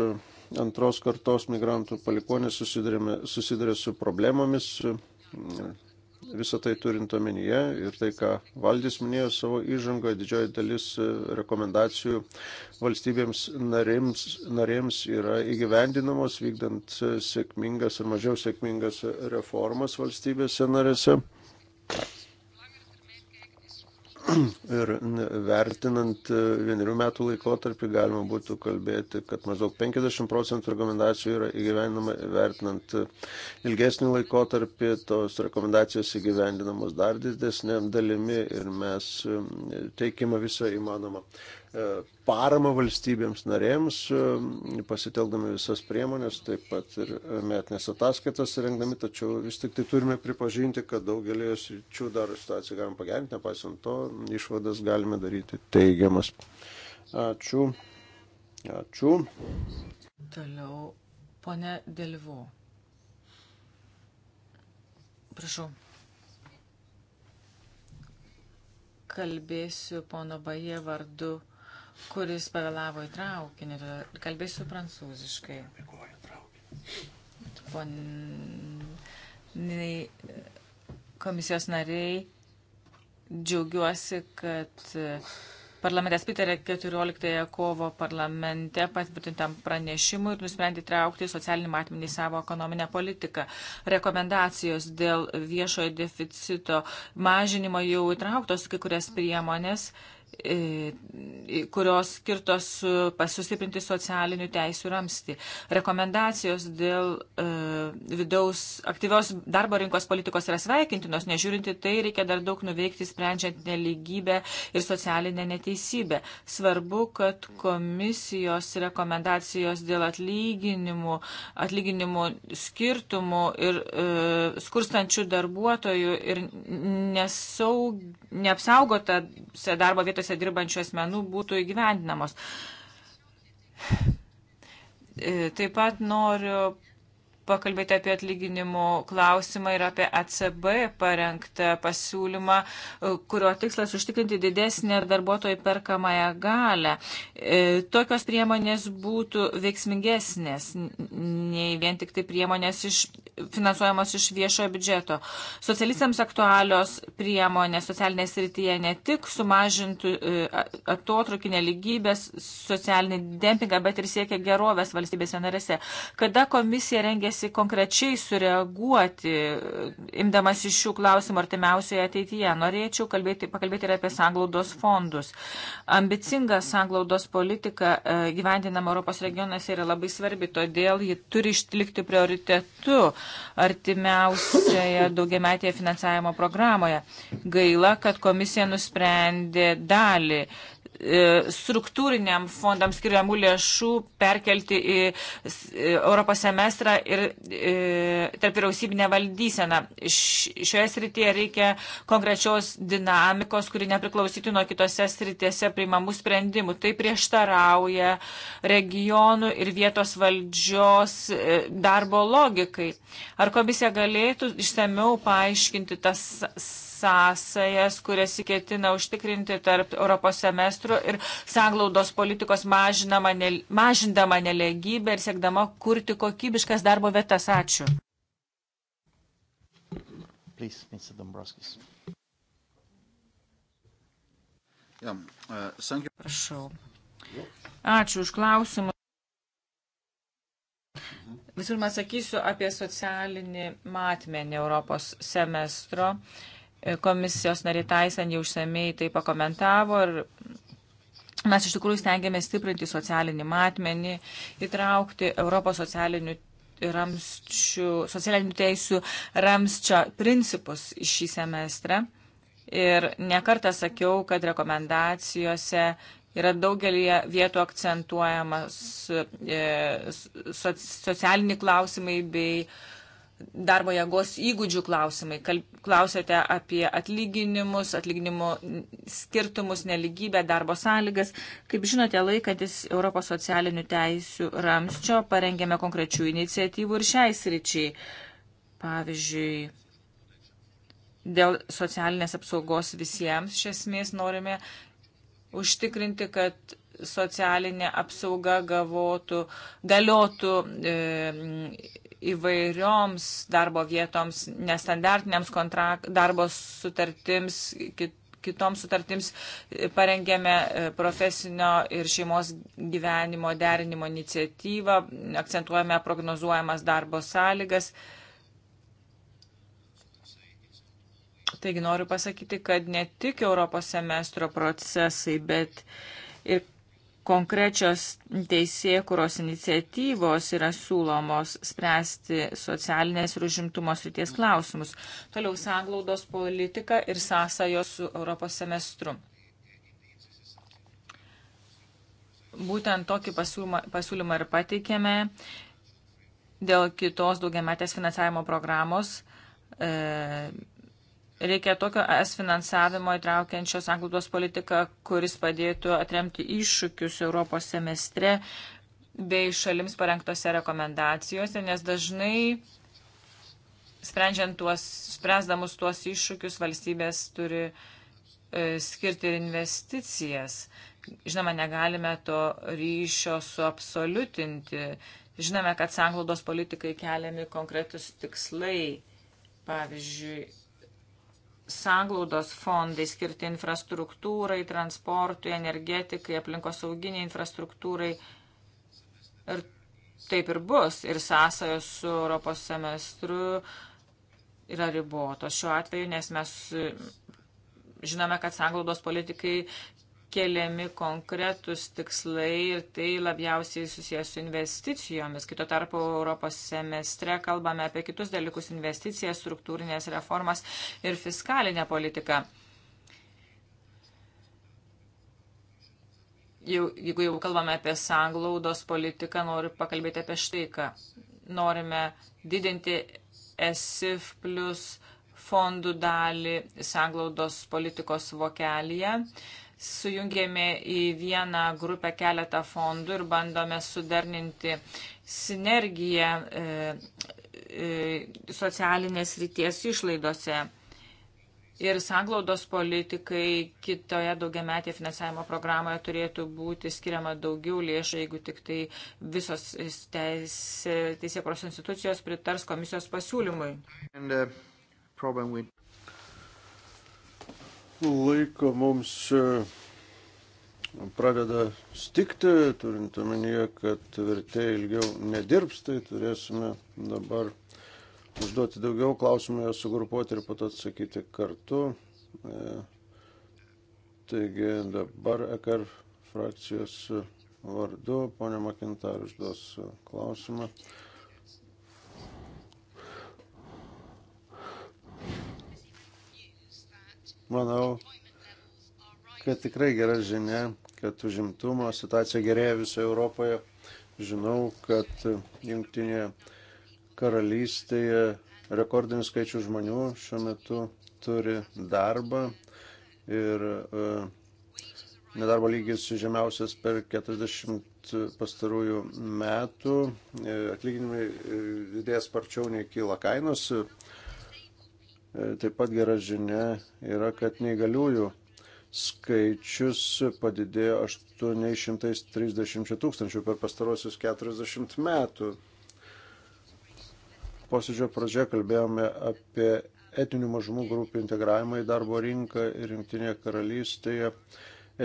antros kartos migrantų palikonis susiduria su problemomis. E, Visą tai turint omenyje ir tai, ką valdys minėjo savo įžangoje, didžioji dalis rekomendacijų valstybėms narėms, narėms yra įgyvendinamos, vykdant sėkmingas ir mažiau sėkmingas reformas valstybėse narėse. Ir vertinant vienerių metų laikotarpį galima būtų kalbėti, kad maždaug 50 procentų rekomendacijų yra įgyvendinama, vertinant ilgesnį laikotarpį, tos rekomendacijos įgyvendinamos dar didesnėm dalimi ir mes teikime visą įmanomą E, paramą valstybėms narėms, e, pasitelkdami visas priemonės, taip pat ir metinės ataskaitas rengdami, tačiau vis tik tai turime pripažinti, kad daugelį sričių dar situaciją galime pagerinti, nepaisant to, išvadas galime daryti teigiamas. Ačiū. Ačiū. Toliau, ponė Dėlvo. Prašau. Kalbėsiu pono Baje vardu kuris pavėlavo į traukinį. Kalbėsiu prancūziškai. Poniai komisijos nariai, džiaugiuosi, kad parlamentas pritarė 14 kovo parlamente patvirtintam pranešimui ir nusprendė traukti socialinį matmenį į savo ekonominę politiką. Rekomendacijos dėl viešojo deficito mažinimo jau įtrauktos kai kurias priemonės. Mm E, kurios skirtos e, pasustiprinti socialinių teisų ramsti. Rekomendacijos dėl e, vidaus aktyvios darbo rinkos politikos yra sveikintinos, nežiūrinti tai reikia dar daug nuveikti, sprendžiant neligybę ir socialinę neteisybę. Svarbu, kad komisijos rekomendacijos dėl atlyginimų, atlyginimų skirtumų ir e, skurstančių darbuotojų ir nesaug, neapsaugotą darbo vietą vietose dirbančių asmenų būtų įgyvendinamos. E, taip pat noriu pakalbėti apie atlyginimų klausimą ir apie ECB parengtą pasiūlymą, e, kurio tikslas užtikrinti didesnę darbuotojų perkamąją galę. E, tokios priemonės būtų veiksmingesnės, nei vien tik tai priemonės iš, finansuojamos iš viešojo biudžeto. Socialistams aktualios priemonės socialinės rytyje ne tik sumažintų e, atotrukį neligybės, socialinį dempingą, bet ir siekia gerovės valstybėse narėse. Kada komisija rengėsi tikimasi konkrečiai sureaguoti, imdamas iš šių klausimų artimiausioje ateityje. Norėčiau kalbėti, pakalbėti ir apie sanglaudos fondus. Ambicinga sanglaudos politika e, gyvendinama Europos regionuose yra labai svarbi, todėl ji turi išlikti prioritetu artimiausioje daugiametėje finansavimo programoje. Gaila, kad komisija nusprendė dalį E, struktūriniam fondam skiriamų lėšų perkelti į e, Europos semestrą ir e, tarp vyriausybinę valdyseną. Šioje srityje reikia konkrečios dinamikos, kuri nepriklausytų nuo kitose srityse priimamų sprendimų. Tai prieštarauja regionų ir vietos valdžios darbo logikai. Ar komisija galėtų išsameu paaiškinti tas sąsajas, kurias įketina užtikrinti tarp Europos semestrų ir sanglaudos politikos ne, mažindama nelegybę ir siekdama kurti kokybiškas darbo vietas. Ačiū. Please, Mr. Dombrovskis. Yeah, uh, Prašau. Ačiū už klausimą. Visur man sakysiu apie socialinį matmenį Europos semestro. Uh, Komisijos nariai Taisen jau išsamei tai pakomentavo ir mes iš tikrųjų stengiamės stiprinti socialinį matmenį, įtraukti Europos socialinių ramščių, socialinių teisių ramščio principus į šį semestrą. Ir nekartą sakiau, kad rekomendacijose yra daugelį vietų akcentuojamas e, socialiniai klausimai bei e, darbo jėgos įgūdžių klausimai. Klausėte apie atlyginimus, atlyginimų skirtumus, neligybę, darbo sąlygas. Kaip žinote, laikantis Europos socialinių teisių ramščio, parengėme konkrečių iniciatyvų ir šiai sričiai. Pavyzdžiui, dėl socialinės apsaugos visiems iš esmės norime užtikrinti, kad socialinė apsauga gavotų, galiotų. E, įvairioms darbo vietoms, nestandartiniams darbo sutartims, kit, kitoms sutartims e, parengėme e, profesinio ir šeimos gyvenimo derinimo iniciatyvą, akcentuojame prognozuojamas darbo sąlygas. Taigi noriu pasakyti, kad ne tik Europos semestro procesai, bet ir konkrečios teisėkuros iniciatyvos yra siūlomos spręsti socialinės ir užimtumo srities klausimus. Toliau sanglaudos politika ir sąsajos su Europos semestru. Būtent tokį pasiūlymą, pasiūlymą ir pateikėme dėl kitos daugiametės finansavimo programos e, Reikia tokio es finansavimo įtraukiančios anglodos politiką, kuris padėtų atremti iššūkius Europos semestre bei šalims parengtose rekomendacijose, nes dažnai sprendžiant tuos, spręsdamus tuos iššūkius valstybės turi e, skirti ir investicijas. Žinoma, negalime to ryšio suabsoliutinti. Žinome, kad sanglaudos politikai keliami konkretus tikslai, pavyzdžiui, sanglaudos fondai skirti infrastruktūrai, transportui, energetikai, aplinkosauginiai infrastruktūrai. Ir taip ir bus. Ir sąsajos su Europos semestru yra ribotos šiuo atveju, nes mes žinome, kad sanglaudos politikai keliami konkretus tikslai ir tai labiausiai susijęs su investicijomis. Kito tarpu Europos semestre kalbame apie kitus dalykus - investicijas, struktūrinės reformas ir fiskalinę politiką. Jau, jeigu jau kalbame apie sanglaudos politiką, noriu pakalbėti apie štai ką. Norime didinti ESIF plus fondų dalį sanglaudos politikos vokelyje. Uh, sujungėme į vieną grupę keletą fondų ir bandome sudarninti sinergiją e, e, socialinės ryties išlaidose. Ir sanglaudos politikai kitoje daugiametėje finansavimo programoje turėtų būti skiriama daugiau lėšų, jeigu tik tai visos teisėkros institucijos pritars komisijos pasiūlymui. Uh, with laiko mums e, pradeda stikti, turint omenyje, kad vertėjai ilgiau nedirbs, tai turėsime dabar užduoti daugiau klausimų, jas sugrupuoti ir pat atsakyti kartu. E, taigi dabar EKR frakcijos vardu, ponia Makintar, užduos klausimą. Manau, kad tikrai gera žinia, kad užimtumo situacija gerėja visoje Europoje. Žinau, kad jungtinėje karalystėje rekordinis skaičius žmonių šiuo metu turi darbą ir e, nedarbo lygis žemiausias per 40 pastarųjų metų, e, atlyginimai e, didės sparčiau nei kyla kainos, E, taip pat gera žinia yra, kad neįgaliųjų skaičius padidėjo 830 tūkstančių per pastarosius 40 metų. Posėdžio pradžioje kalbėjome apie etinių mažumų grupių integravimą į darbo rinką ir Junktinėje karalystėje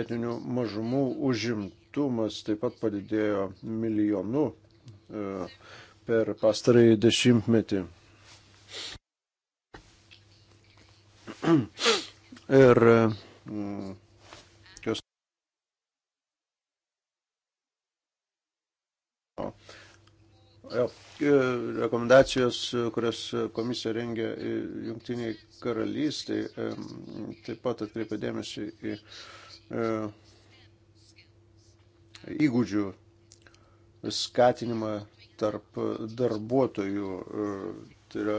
etinių mažumų užimtumas taip pat padidėjo milijonu e, per pastarąjį dešimtmetį. ir mm, jos. Jo, e, rekomendacijos, kurias komisija rengia jungtiniai karalystiai, e, taip pat atkreipia dėmesį į e, įgūdžių skatinimą tarp darbuotojų. Tai yra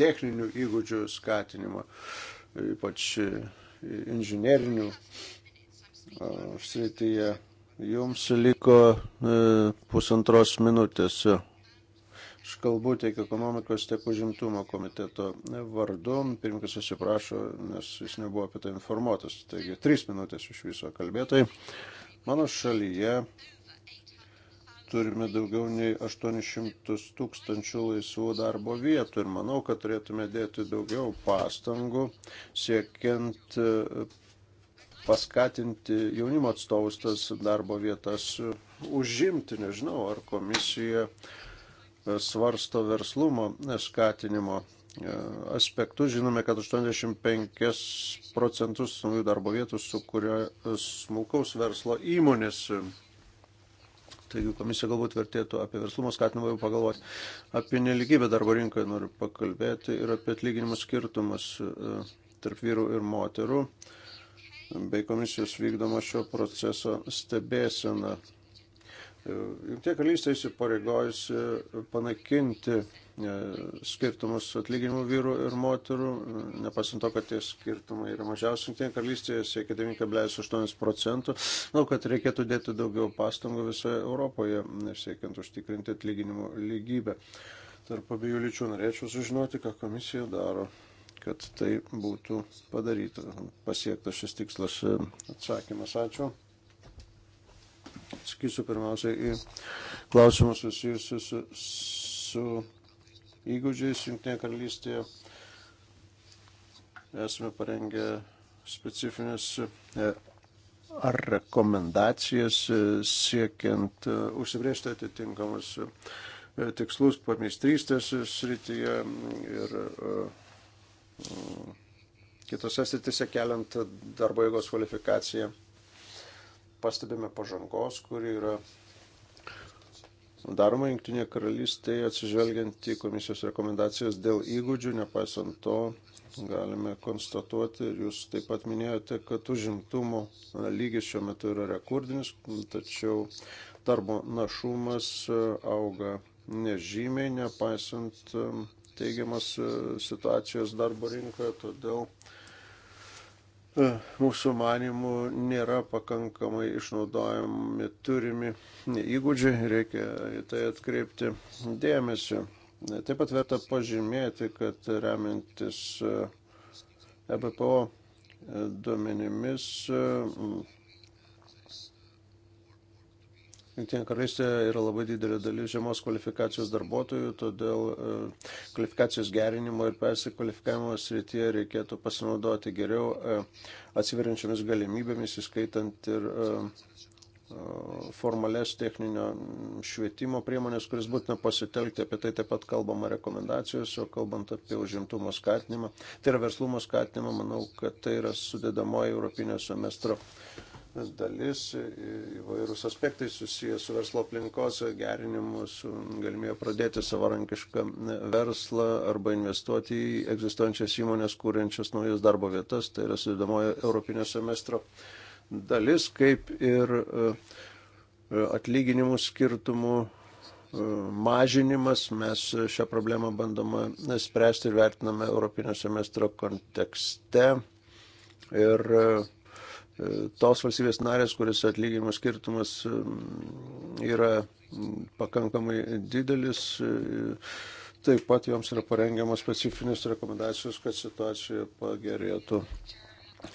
techninių įgūdžių skatinimą, ypač e, inžinerinių e, srityje. Jums liko e, pusantros minutės. Aš kalbu tiek ekonomikos, tiek užimtumo komiteto vardu. Pirmininkas atsiprašo, nes jis nebuvo apie tai informuotas. Taigi, trys minutės iš viso kalbėtojai. Mano šalyje turime daugiau nei 800 tūkstančių laisvų darbo vietų ir manau, kad turėtume dėti daugiau pastangų siekiant e, paskatinti jaunimo atstovus tas darbo vietas e, užimti. Nežinau, ar komisija e, svarsto verslumo skatinimo aspektus. Žinome, kad 85 procentus naujų darbo vietų sukuria smulkaus verslo įmonės. Taigi komisija galbūt vertėtų apie verslumo skatinimą jau pagalvoti. Apie neligybę darbo rinkoje noriu pakalbėti ir apie atlyginimų skirtumus e, tarp vyrų ir moterų bei komisijos vykdoma šio proceso stebėsena. E, Jungtinė karalystė įsipareigojusi panaikinti E, skirtumus atlyginimų vyrų ir moterų, e, nepasant to, kad tie skirtumai yra mažiausi Junktinėje karalystėje, siekia 9,8 procentų. Manau, kad reikėtų dėti daugiau pastangų visoje Europoje, e, siekiant užtikrinti atlyginimų lygybę. Tarp abiejų lyčių norėčiau sužinoti, ką komisija daro, kad tai būtų padaryta, pasiektas šis tikslas atsakymas. Ačiū. Sakysiu pirmiausiai į klausimus susijusius su. su įgūdžiais Junktinėje karalystėje. Esame parengę specifinės e, ar rekomendacijas e, siekiant e, užsibriežti atitinkamus tikslus pameistrystės srityje ir mm, kitose srityse keliant darbo jėgos kvalifikaciją. Pastebime pažangos, kuri yra daroma Junktinėje karalystėje atsižvelgiant į komisijos rekomendacijas dėl įgūdžių, nepaisant to galime konstatuoti, jūs taip pat minėjote, kad užimtumo lygis šiuo metu yra rekordinis, tačiau darbo našumas auga nežymiai, nepaisant um, teigiamas uh, situacijos darbo rinkoje, todėl mūsų manimų nėra pakankamai išnaudojami turimi įgūdžiai, reikia į tai atkreipti dėmesį. Taip pat verta pažymėti, kad remiantis EBPO e e, duomenimis Jungtinė karalystė yra labai didelė dalis žemos kvalifikacijos darbuotojų, todėl e, kvalifikacijos gerinimo ir persikvalifikavimo srityje reikėtų pasinaudoti geriau e, atsiveriančiamis galimybėmis, įskaitant ir e, formales techninio švietimo priemonės, kuris būtina pasitelkti, apie tai taip pat kalbama rekomendacijose, o kalbant apie užimtumo skatinimą, tai yra verslumo skatinimą, manau, kad tai yra sudėdamoji Europinio semestro dalis, įvairūs aspektai susijęs su verslo aplinkos gerinimu, su galimybė pradėti savarankišką verslą arba investuoti į egzistuojančias įmonės, kūrenčias naujas darbo vietas. Tai yra sudėdamojo Europinio semestro dalis, kaip ir e, atlyginimų skirtumų e, mažinimas. Mes šią problemą bandome spręsti ir vertiname Europinio semestro kontekste. Ir e, tos valstybės narės, kuriuose atlyginimo skirtumas mm, yra pakankamai didelis, taip pat joms yra parengiamas specifinis rekomendacijos, kad situacija pagerėtų.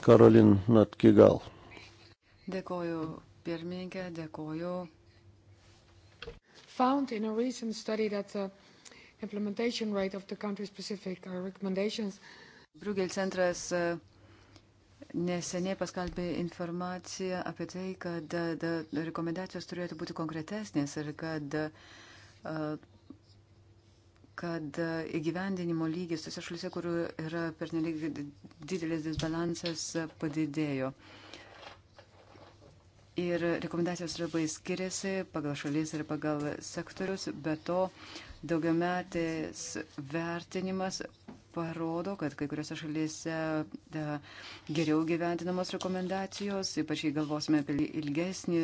Karolin Natkigal. Dėkoju pirmininkė, dėkoju. Found in a recent study that the implementation rate of the country specific uh, recommendations. Bruegel centras uh, neseniai paskalbė informaciją apie tai, kad da, da, rekomendacijos turėtų būti konkretesnės ir kad, a, kad įgyvendinimo lygis tose šalise, kur yra pernelyg didelis disbalansas, padidėjo. Ir rekomendacijos labai skiriasi pagal šalis ir pagal sektorius, bet to daugiametės vertinimas parodo, kad kai kuriuose šalyse da, e, geriau gyventinamos rekomendacijos, ypač jei galvosime apie ilgesnį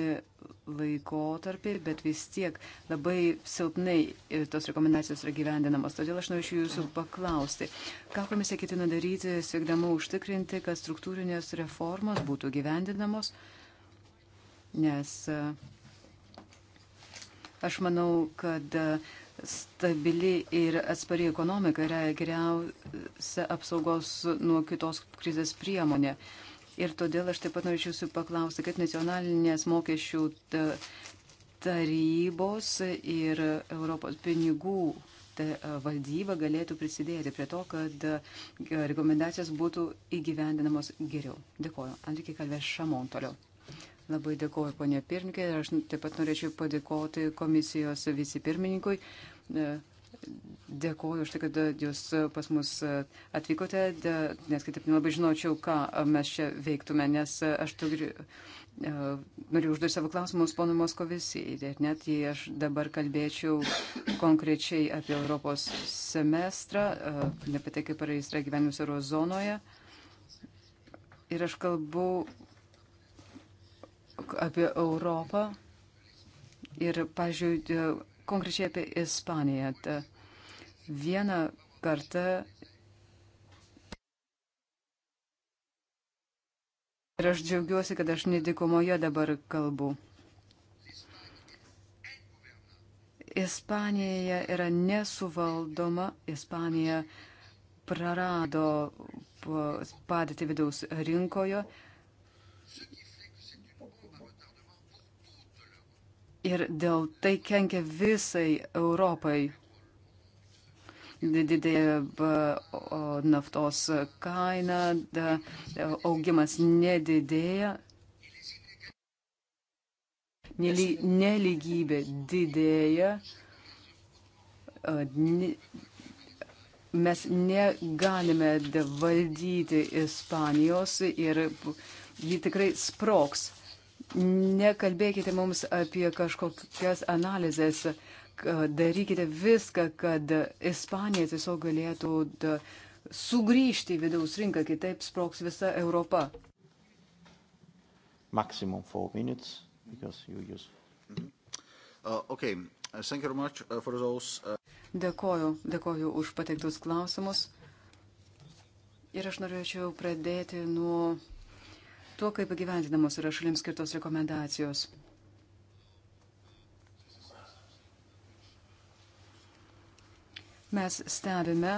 laikotarpį, bet vis tiek labai silpnai e, tos rekomendacijos yra gyvendinamos. Todėl aš norėčiau jūsų paklausti, ką komisija ketina daryti, siekdama užtikrinti, kad struktūrinės reformos būtų gyvendinamos, nes e, aš manau, kad Stabili ir atspari ekonomika yra geriausia apsaugos nuo kitos krizės priemonė. Ir todėl aš taip pat norėčiau jūsų paklausti, kaip nacionalinės mokesčių tarybos ir Europos pinigų valdyba galėtų prisidėti prie to, kad e, rekomendacijos būtų įgyvendinamos geriau. Dėkuoju. Andrikiai kalbės Šamon toliau. Labai dėkoju, ponė Pirmininkė, ir aš taip pat norėčiau padėkoti komisijos vicepirmininkui. E, dėkoju už tai, kad jūs pas mus atvykote, nes kitaip nelabai žinočiau, ką mes čia veiktume, nes aš turiu, e, noriu užduoti savo klausimus ponui Moskovisijai. Ir net jei aš dabar kalbėčiau konkrečiai apie Europos semestrą, e, apie tai, kaip yra jis yra gyvenimas eurozonoje. Ir aš kalbu apie Europą ir, pažiūrėjau, konkrečiai apie Ispaniją. Ta, vieną kartą Ir aš džiaugiuosi, kad aš nedikumoje dabar kalbu. Ispanija yra nesuvaldoma, Ispanija prarado padėti vidaus rinkoje ir dėl tai kenkia visai Europai. Didėja naftos kaina, augimas nedidėja, nelygybė didėja, mes negalime valdyti Ispanijos ir ji tikrai sproks. Nekalbėkite mums apie kažkokias analizės, darykite viską, kad Ispanija tiesiog galėtų sugrįžti į vidaus rinką, kitaip sproks visa Europa. Maximum 4 minutes, because you use. Mm -hmm. uh, okay. Uh, thank you very much uh, for those. Uh... Dėkoju, dėkoju už pateiktus klausimus. Ir aš norėčiau pradėti nuo tuo, kaip gyventinamos yra šalims skirtos rekomendacijos. Mes stebime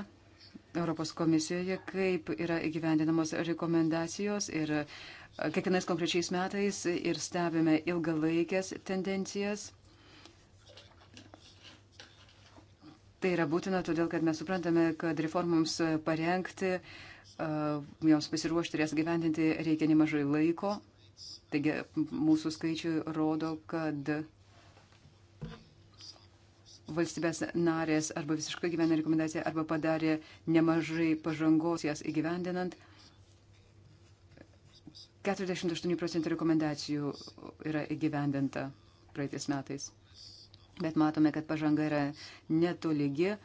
Europos komisijoje, kaip yra įgyvendinamos rekomendacijos ir e, kiekvienais konkrečiais metais ir stebime ilgalaikės tendencijas. Tai yra būtina, todėl kad mes suprantame, kad reformams parengti uh, joms pasiruošti turės gyvendinti reikia nemažai laiko. Taigi mūsų skaičiai rodo, kad valstybės narės arba visiškai gyvena rekomendaciją arba padarė nemažai pažangos jas įgyvendinant. 48 procentų rekomendacijų yra įgyvendinta praeitais metais. Bet matome, kad pažanga yra netolygi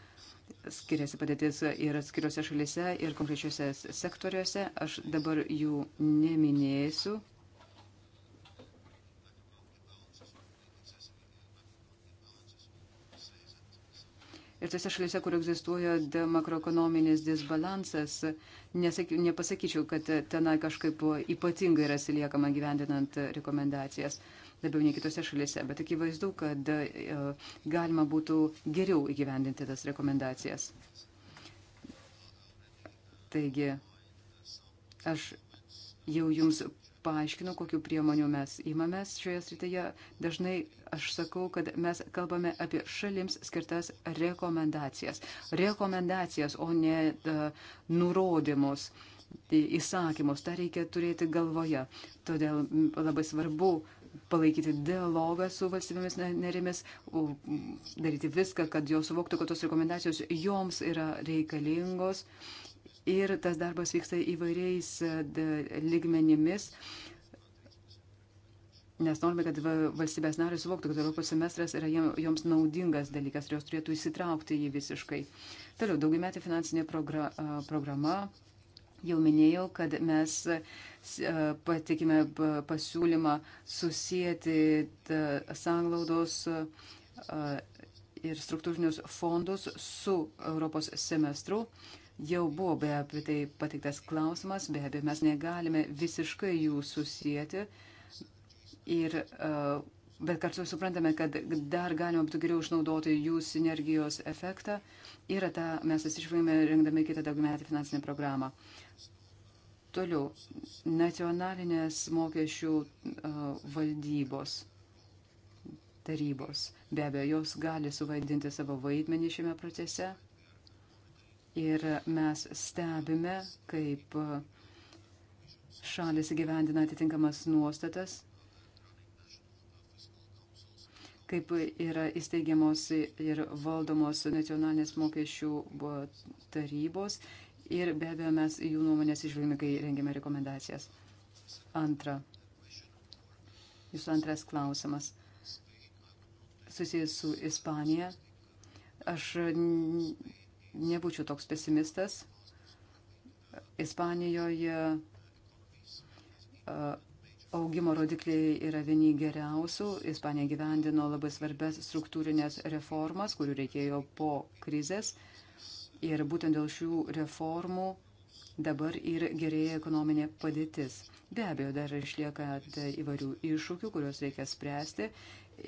skiriasi padėtis ir atskiriuose šalise, ir konkrečiuose sektoriuose. Aš dabar jų neminėsiu. Ir tose šalise, kur egzistuoja makroekonominis disbalansas, nesak, nepasakyčiau, kad tenai kažkaip ypatingai yra siliekama gyvendinant rekomendacijas. Uh, labiau nei kitose šalise, bet akivaizdu, kad e, galima būtų geriau įgyvendinti tas rekomendacijas. Taigi, aš jau jums paaiškinu, kokiu priemonių mes įmamės šioje srityje. Dažnai aš sakau, kad mes kalbame apie šalims skirtas rekomendacijas. Rekomendacijas, o ne uh, nurodymus, įsakymus. Ta reikia turėti galvoje. Todėl labai svarbu uh, palaikyti dialogą su valstybėmis narėmis, daryti viską, kad jos suvoktų, kad tos rekomendacijos joms yra reikalingos. Ir tas darbas vyksta įvairiais e, ligmenimis, nes norime, kad valstybės narės suvoktų, kad Europos semestras yra joms naudingas dalykas ir jos turėtų įsitraukti jį visiškai. Toliau, daugiametė finansinė programa, Jau minėjau, kad mes e, patikime pasiūlymą susijęti e, sanglaudos e, ir struktūrinius fondus su Europos semestru. Jau buvo be abejo tai patiktas klausimas, be abejo mes negalime visiškai jų susijęti ir uh, Bet kartu suprantame, kad dar galima būtų geriau išnaudoti jų sinergijos efektą ir tą mes atsižvelgėme rengdami kitą daugmetį finansinę programą. Toliau, nacionalinės mokesčių uh, valdybos tarybos. Be abejo, jos gali suvaidinti savo vaidmenį šiame procese ir mes stebime, kaip šalis įgyvendina atitinkamas nuostatas kaip yra įsteigiamos ir valdomos nacionalinės mokesčių tarybos ir be abejo mes jų nuomonės išvilgime, kai rengiame rekomendacijas. Antra. Jūsų antras klausimas susijęs su Ispanija. Aš nebūčiau toks pesimistas. Ispanijoje augimo rodikliai yra vieni geriausių. Ispanija gyvendino labai svarbės struktūrinės reformas, kurių reikėjo po krizės. Ir būtent dėl šių reformų dabar ir gerėja ekonominė padėtis. Be abejo, dar išlieka įvairių iššūkių, kuriuos reikia spręsti.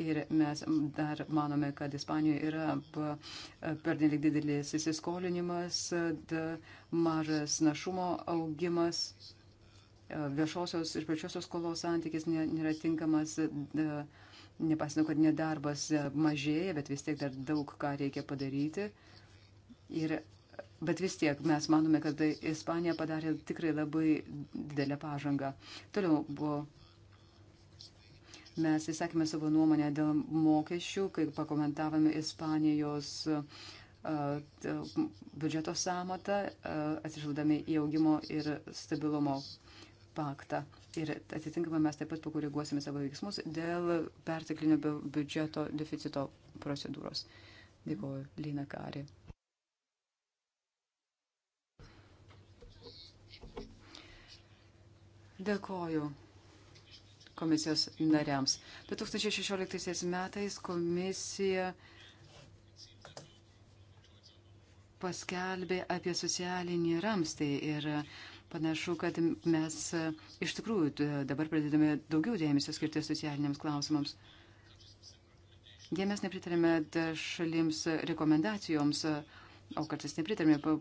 Ir mes dar manome, kad Ispanijoje yra pernelik didelis įsiskolinimas, mažas našumo augimas E, viešosios ir pačiosios skolos santykis nėra tinkamas, e, nepasinu, kad nedarbas e, mažėja, bet vis tiek dar daug ką reikia padaryti. Ir, bet vis tiek mes manome, kad Ispanija padarė tikrai labai didelę pažangą. Toliau buvo. Mes įsakėme savo nuomonę dėl mokesčių, kai pakomentavome Ispanijos uh, biudžeto samatą, atsižvelgdami į augimo ir stabilumo paktą. Ir atitinkamai mes taip pat pakoreguosime savo veiksmus dėl perteklinio biudžeto deficito procedūros. Dėkuoju, Lina Kari. Dėkuoju komisijos nariams. 2016 metais komisija paskelbė apie socialinį ramstį ir uh, Panašu, kad mes e, iš tikrųjų dabar pradedame daugiau dėmesio skirti socialiniams klausimams. Jei mes nepritarėme šalims rekomendacijoms, e, o kartais nepritarėme, pa,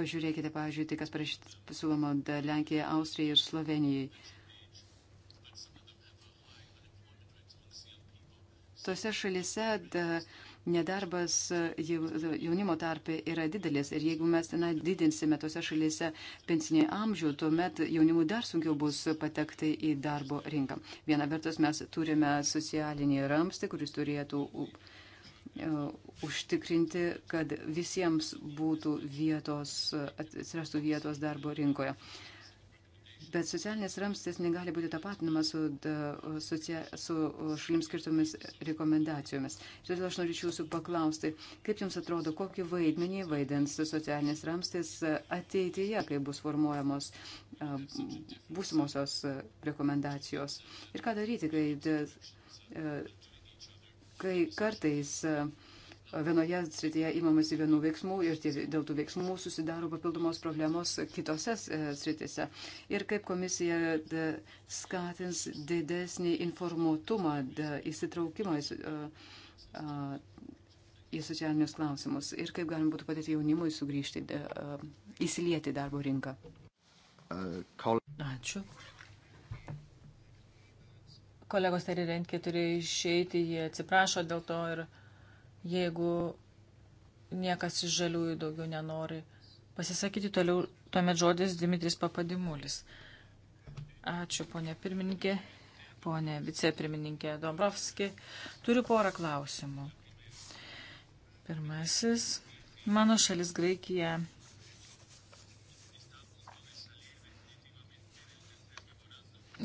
pažiūrėkite, pavyzdžiui, tai, kas pasiūloma Lenkijai, Austrijai ir Slovenijai. Tose šalise da, uh, nedarbas e, e, jaunimo tarpe yra didelis ir jeigu mes ten didinsime tose šalyse pensinį amžių, tuomet jaunimui dar sunkiau bus patekti į darbo rinką. Viena vertus mes turime socialinį ramstį, kuris turėtų e, užtikrinti, kad visiems būtų vietos, atsirastų vietos darbo rinkoje. Bet socialinės ramstis negali būti tapatinamas su, socia, su šalims skirtomis rekomendacijomis. Todėl aš norėčiau jūsų paklausti, kaip jums atrodo, kokį vaidmenį vaidins socialinės ramstis ateityje, kai bus formuojamos būsimosios rekomendacijos. Ir ką daryti, kai, kai kartais. Uh, vienoje srityje imamasi vienų veiksmų ir dėl tų veiksmų susidaro papildomos problemos kitose e, srityse. Ir kaip komisija e, skatins didesnį informuotumą, e, įsitraukimą į socialinius klausimus ir kaip galima būtų padėti jaunimui sugrįžti, įsilieti darbo rinką. Ačiū kolegos Terry tai Rentke turėjo išeiti, jie atsiprašo dėl to ir Jeigu niekas iš žaliųjų daugiau nenori pasisakyti, toliau tuomet žodis Dimitris Papadimulis. Ačiū, ponė pirmininkė, ponė vicepirmininkė Dombrovski. Turiu porą klausimų. Pirmasis. Mano šalis Graikija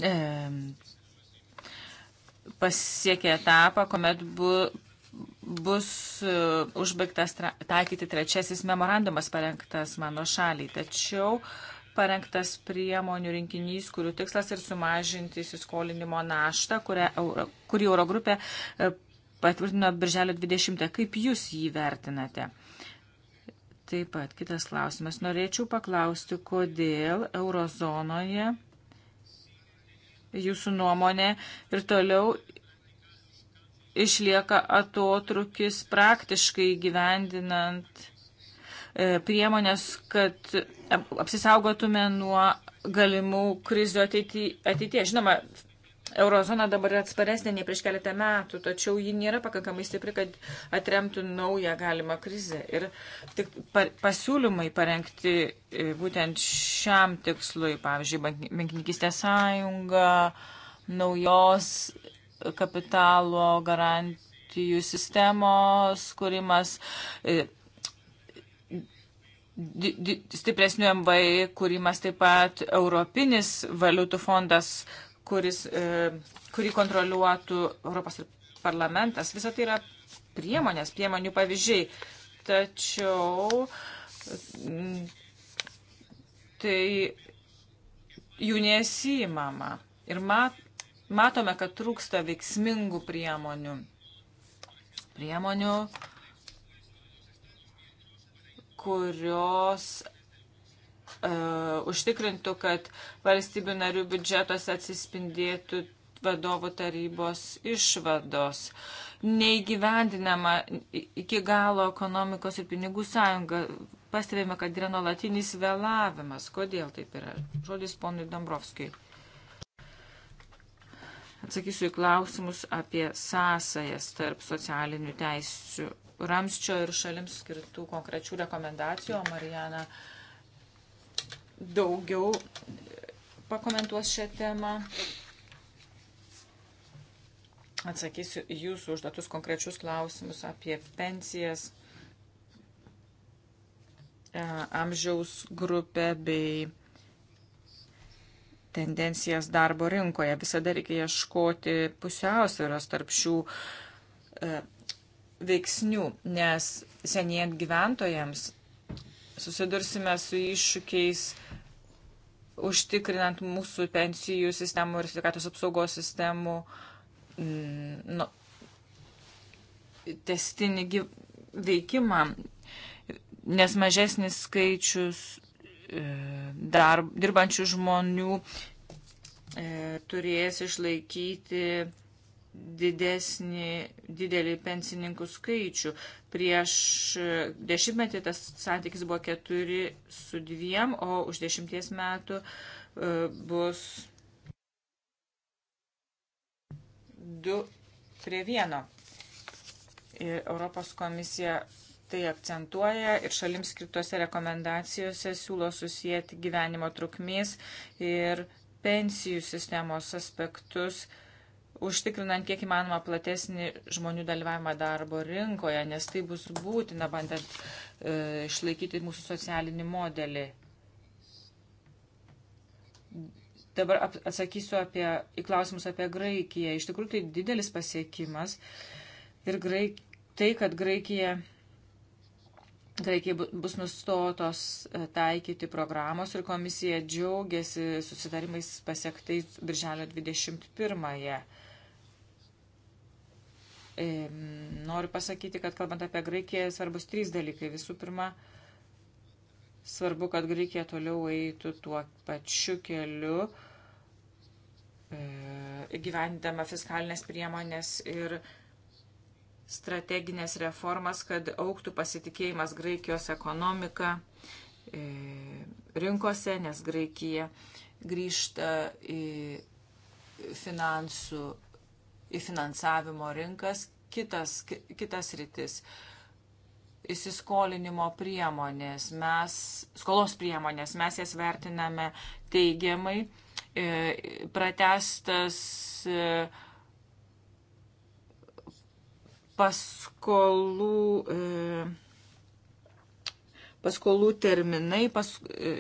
e, pasiekė etapą, kuomet bu, bus e, užbaigtas taikyti trečiasis memorandumas parengtas mano šaliai. Tačiau parengtas priemonių rinkinys, kurių tikslas ir sumažinti įsiskolinimo naštą, Euro, kurį Eurogrupė e, patvirtino birželio 20. Kaip jūs jį vertinate? Taip pat kitas klausimas. Norėčiau paklausti, kodėl eurozonoje jūsų nuomonė ir toliau išlieka atotrukis praktiškai gyvendinant e, priemonės, kad apsisaugotume nuo galimų krizių ateityje. Žinoma, eurozona dabar yra atsparesnė nei prieš keletą metų, tačiau ji nėra pakankamai stipri, kad atremtų naują galimą krizę. Ir tik pasiūlymai parengti e, būtent šiam tikslui, pavyzdžiui, bankininkistės sąjunga, naujos kapitalo garantijų sistemos kūrimas, e, stipresnių MVI kūrimas, taip pat Europinis valiutų fondas, kuris, e, kurį kontroliuotų Europos parlamentas. Visą tai yra priemonės, priemonių pavyzdžiai. Tačiau mm, tai jų nesimama. Ir mat, matome, kad trūksta veiksmingų priemonių. Priemonių, kurios uh, užtikrintų, kad valstybių narių biudžetos atsispindėtų vadovų tarybos išvados. Neįgyvendinama iki galo ekonomikos ir pinigų sąjunga. Pastebėjome, kad yra nuolatinis vėlavimas. Kodėl taip yra? Žodis ponui Dombrovskijui. Atsakysiu į klausimus apie sąsajas tarp socialinių teisų ramščio ir šalims skirtų konkrečių rekomendacijų, o Marijana daugiau pakomentuos šią temą. Atsakysiu jūsų užduotus konkrečius klausimus apie pensijas, e, amžiaus grupę bei tendencijas darbo rinkoje. Visada reikia ieškoti pusiausvėros tarp šių e, veiksnių, nes senėjant gyventojams susidursime su iššūkiais užtikrinant mūsų pensijų sistemų ir sveikatos apsaugos sistemų mm, no, nu, testinį veikimą, nes mažesnis skaičius E, dar, dirbančių žmonių e, turės išlaikyti didesnį, didelį pensininkų skaičių. Prieš dešimtmetį tas santykis buvo 4 su 2, o už dešimties metų e, bus 2 prie 1. Ir e, Europos komisija tai akcentuoja ir šalims skirtose rekomendacijose siūlo susijęti gyvenimo trukmės ir pensijų sistemos aspektus, užtikrinant kiek įmanoma platesnį žmonių dalyvavimą darbo rinkoje, nes tai bus būtina, bandant e, išlaikyti mūsų socialinį modelį. Dabar atsakysiu apie, į klausimus apie Graikiją. Iš tikrųjų, tai didelis pasiekimas. Ir graik, tai, kad Graikija Graikijai bus nustotos e, taikyti programos ir komisija džiaugiasi susitarimais pasiektais birželio 21-ąją. Noriu pasakyti, kad kalbant apie Graikiją, svarbus trys dalykai. Visų pirma, svarbu, kad Graikija toliau eitų tuo pačiu keliu, e, gyvendama fiskalinės priemonės ir strateginės reformas, kad auktų pasitikėjimas Graikijos ekonomika e, rinkose, nes Graikija grįžta į, finansų, į finansavimo rinkas, kitas, kitas rytis įsiskolinimo priemonės, mes, skolos priemonės, mes jas vertiname teigiamai, e, pratestas e, paskolų, e, paskolų terminai pas, e,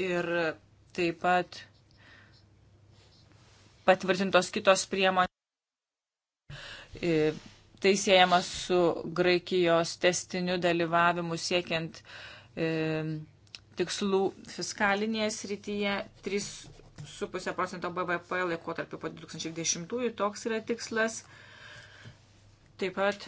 ir taip pat patvirtintos kitos priemonės. E, tai siejama su Graikijos testiniu dalyvavimu siekiant e, tikslų fiskalinėje srityje 3,5 procento BVP laikotarpiu po 2010-ųjų. Toks yra tikslas. E, Taip pat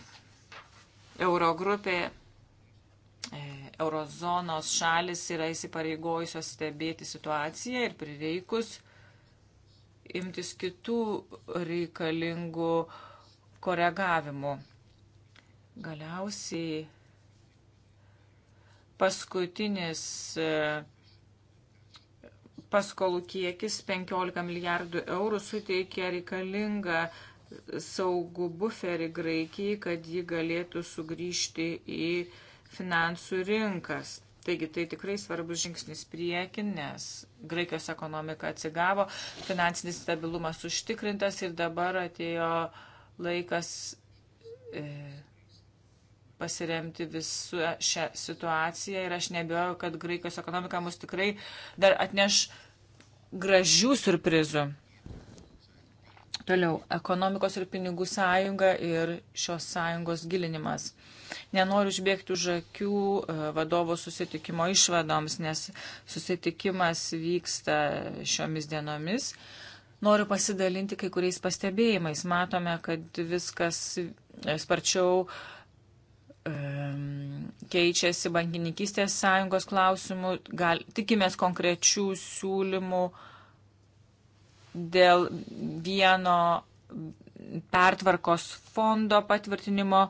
Eurogrupė, e, Eurozonos šalis yra įsipareigojusios stebėti situaciją ir prireikus imtis kitų reikalingų koregavimų. Galiausiai paskutinis e, paskolų kiekis 15 milijardų eurų suteikia reikalingą saugų buferį Graikijai, kad ji galėtų sugrįžti į finansų rinkas. Taigi tai tikrai svarbus žingsnis priekin, nes Graikijos ekonomika atsigavo, finansinis stabilumas užtikrintas ir dabar atėjo laikas e, pasiremti visą šią situaciją ir aš nebejoju, kad Graikijos ekonomika mus tikrai dar atneš gražių surprizų. Toliau, ekonomikos ir pinigų sąjunga ir šios sąjungos gilinimas. Nenoriu užbėgti už akių e, vadovo susitikimo išvadoms, nes susitikimas vyksta šiomis dienomis. Noriu pasidalinti kai kuriais pastebėjimais. Matome, kad viskas e, sparčiau e, keičiasi bankininkystės sąjungos klausimų, gal, tikimės konkrečių siūlymų uh, dėl vieno pertvarkos fondo patvirtinimo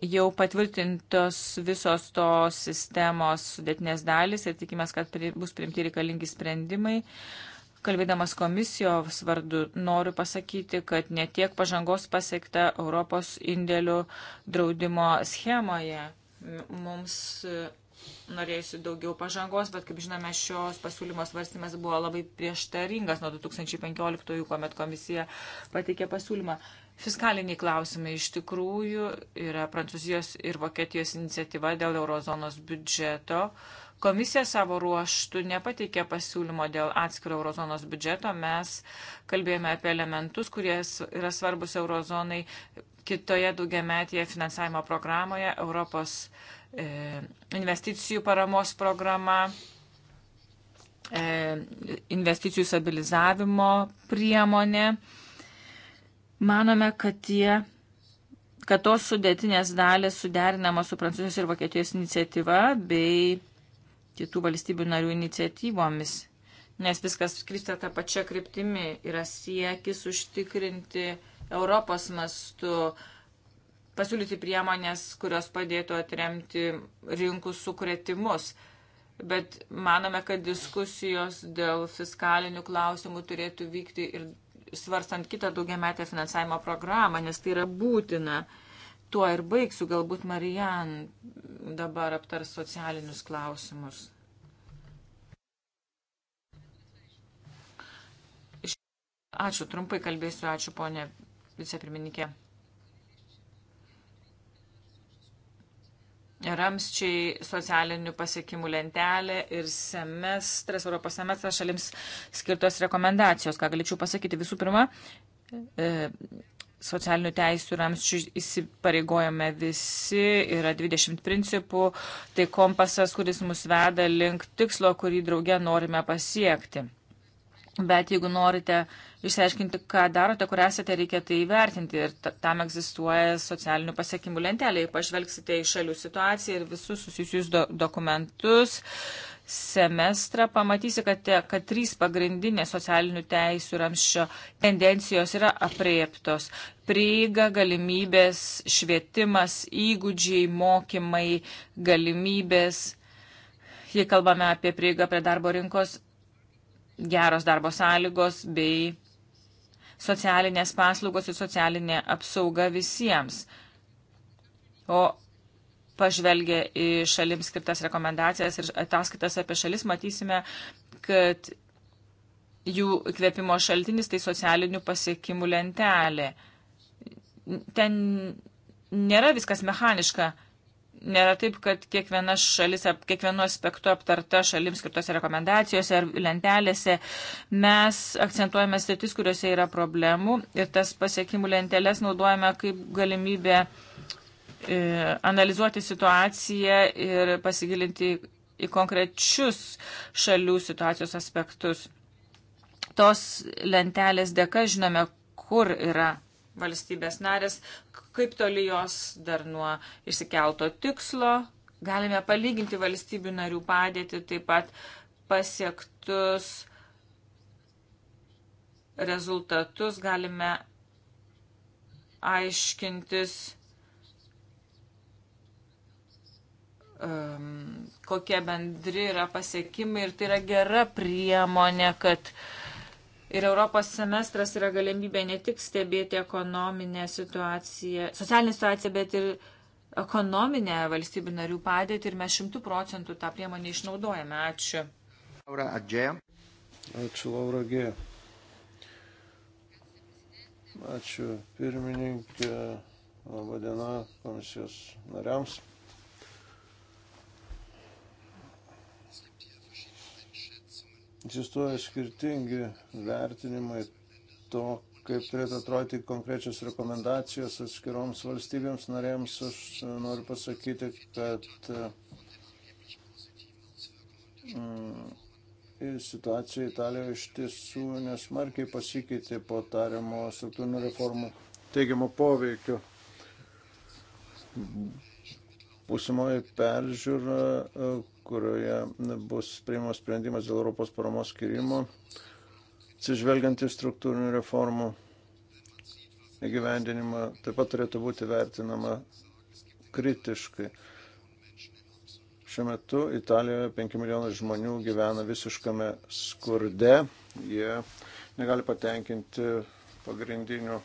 jau patvirtintos visos tos sistemos sudėtinės dalys ir tikimės, kad bus priimti reikalingi sprendimai. Kalbėdamas komisijos vardu, noriu pasakyti, kad netiek pažangos pasiekta Europos indėlių draudimo schemoje. Mums norėjusi daugiau pažangos, bet kaip žinome, šios pasiūlymos svarstymas buvo labai prieštaringas nuo 2015, kuomet komisija pateikė pasiūlymą. Fiskaliniai klausimai iš tikrųjų yra Prancūzijos ir Vokietijos iniciatyva dėl eurozonos biudžeto. Komisija savo ruoštų nepateikė pasiūlymo dėl atskiro eurozonos biudžeto. Mes kalbėjome apie elementus, kurie yra svarbus eurozonai kitoje daugiametėje finansavimo programoje Europos E, investicijų paramos programa, e, investicijų stabilizavimo priemonė. Manome, kad, tie, kad tos sudėtinės dalis suderinamos su Prancūzijos ir Vokietijos iniciatyva bei kitų valstybių narių iniciatyvomis, nes viskas krypsta tą pačią kryptimį, yra siekis užtikrinti Europos mastu uh, pasiūlyti priemonės, kurios padėtų atremti rinkų sukretimus. Bet manome, kad diskusijos dėl fiskalinių klausimų turėtų vykti ir svarstant kitą daugiametę finansavimo programą, nes tai yra būtina. Tuo ir baigsiu, galbūt Marijan dabar aptars socialinius klausimus. Ačiū, trumpai kalbėsiu, ačiū ponė vicepirmininkė. ramščiai, socialinių pasiekimų lentelė ir semestras, Europos semestras šalims skirtos rekomendacijos. Ką galėčiau pasakyti visų pirma, e, socialinių teisų ramščių įsipareigojame visi, yra 20 principų, tai kompasas, kuris mus veda link tikslo, kurį draugė norime pasiekti. Bet jeigu norite išsiaiškinti, ką darote, kur esate, reikia tai įvertinti. Ir tam egzistuoja socialinių pasiekimų lentelė. Jei pažvelgsite į šalių situaciją ir visus susijusius do dokumentus, semestrą, pamatysi, kad, te, kad trys pagrindinės socialinių teisų ramščio tendencijos yra apriektos. Prieiga, galimybės, švietimas, įgūdžiai, mokymai, galimybės. Jei kalbame apie prieigą prie darbo rinkos, geros darbo sąlygos bei socialinės paslaugos ir socialinė apsauga visiems. O pažvelgę į šalims skirtas rekomendacijas ir ataskaitas apie šalis, matysime, kad jų kvėpimo šaltinis tai socialinių pasiekimų lentelė. Ten nėra viskas mechaniška nėra taip, kad kiekviena šalis, kiekvienu aspektu aptarta šalims skirtose rekomendacijose ar lentelėse mes akcentuojame sritis, kuriuose yra problemų ir tas pasiekimų lentelės naudojame kaip galimybę e, analizuoti situaciją ir pasigilinti į konkrečius šalių situacijos aspektus. Tos lentelės dėka žinome, kur yra valstybės narės, kaip toli jos dar nuo išsikelto tikslo. Galime palyginti valstybių narių padėtį, taip pat pasiektus rezultatus, galime aiškintis, um, kokie bendri yra pasiekimai ir tai yra gera priemonė, kad uh, Ir Europos semestras yra galimybė ne tik stebėti ekonominę situaciją, socialinę situaciją, bet ir ekonominę valstybių narių padėtį ir mes šimtų procentų tą priemonę išnaudojame. Ačiū. Laura Adžėja. Ačiū, Laura G. Ačiū, pirmininkė. Labadiena komisijos nariams. egzistuoja skirtingi vertinimai to, kaip turėtų atrodyti konkrečios rekomendacijos atskiroms valstybėms narėms. Aš noriu pasakyti, kad mm, situacija Italijoje iš tiesų nesmarkiai pasikeitė po tariamo struktūrinių reformų teigiamo poveikio. Pusimoji peržiūra kurioje bus priimamas sprendimas dėl Europos paramos skirimo, atsižvelgiant į struktūrinių reformų įgyvendinimą, taip pat turėtų būti vertinama kritiškai. Šiuo metu Italijoje 5 milijonai žmonių gyvena visiškame skurde. Jie negali patenkinti pagrindinių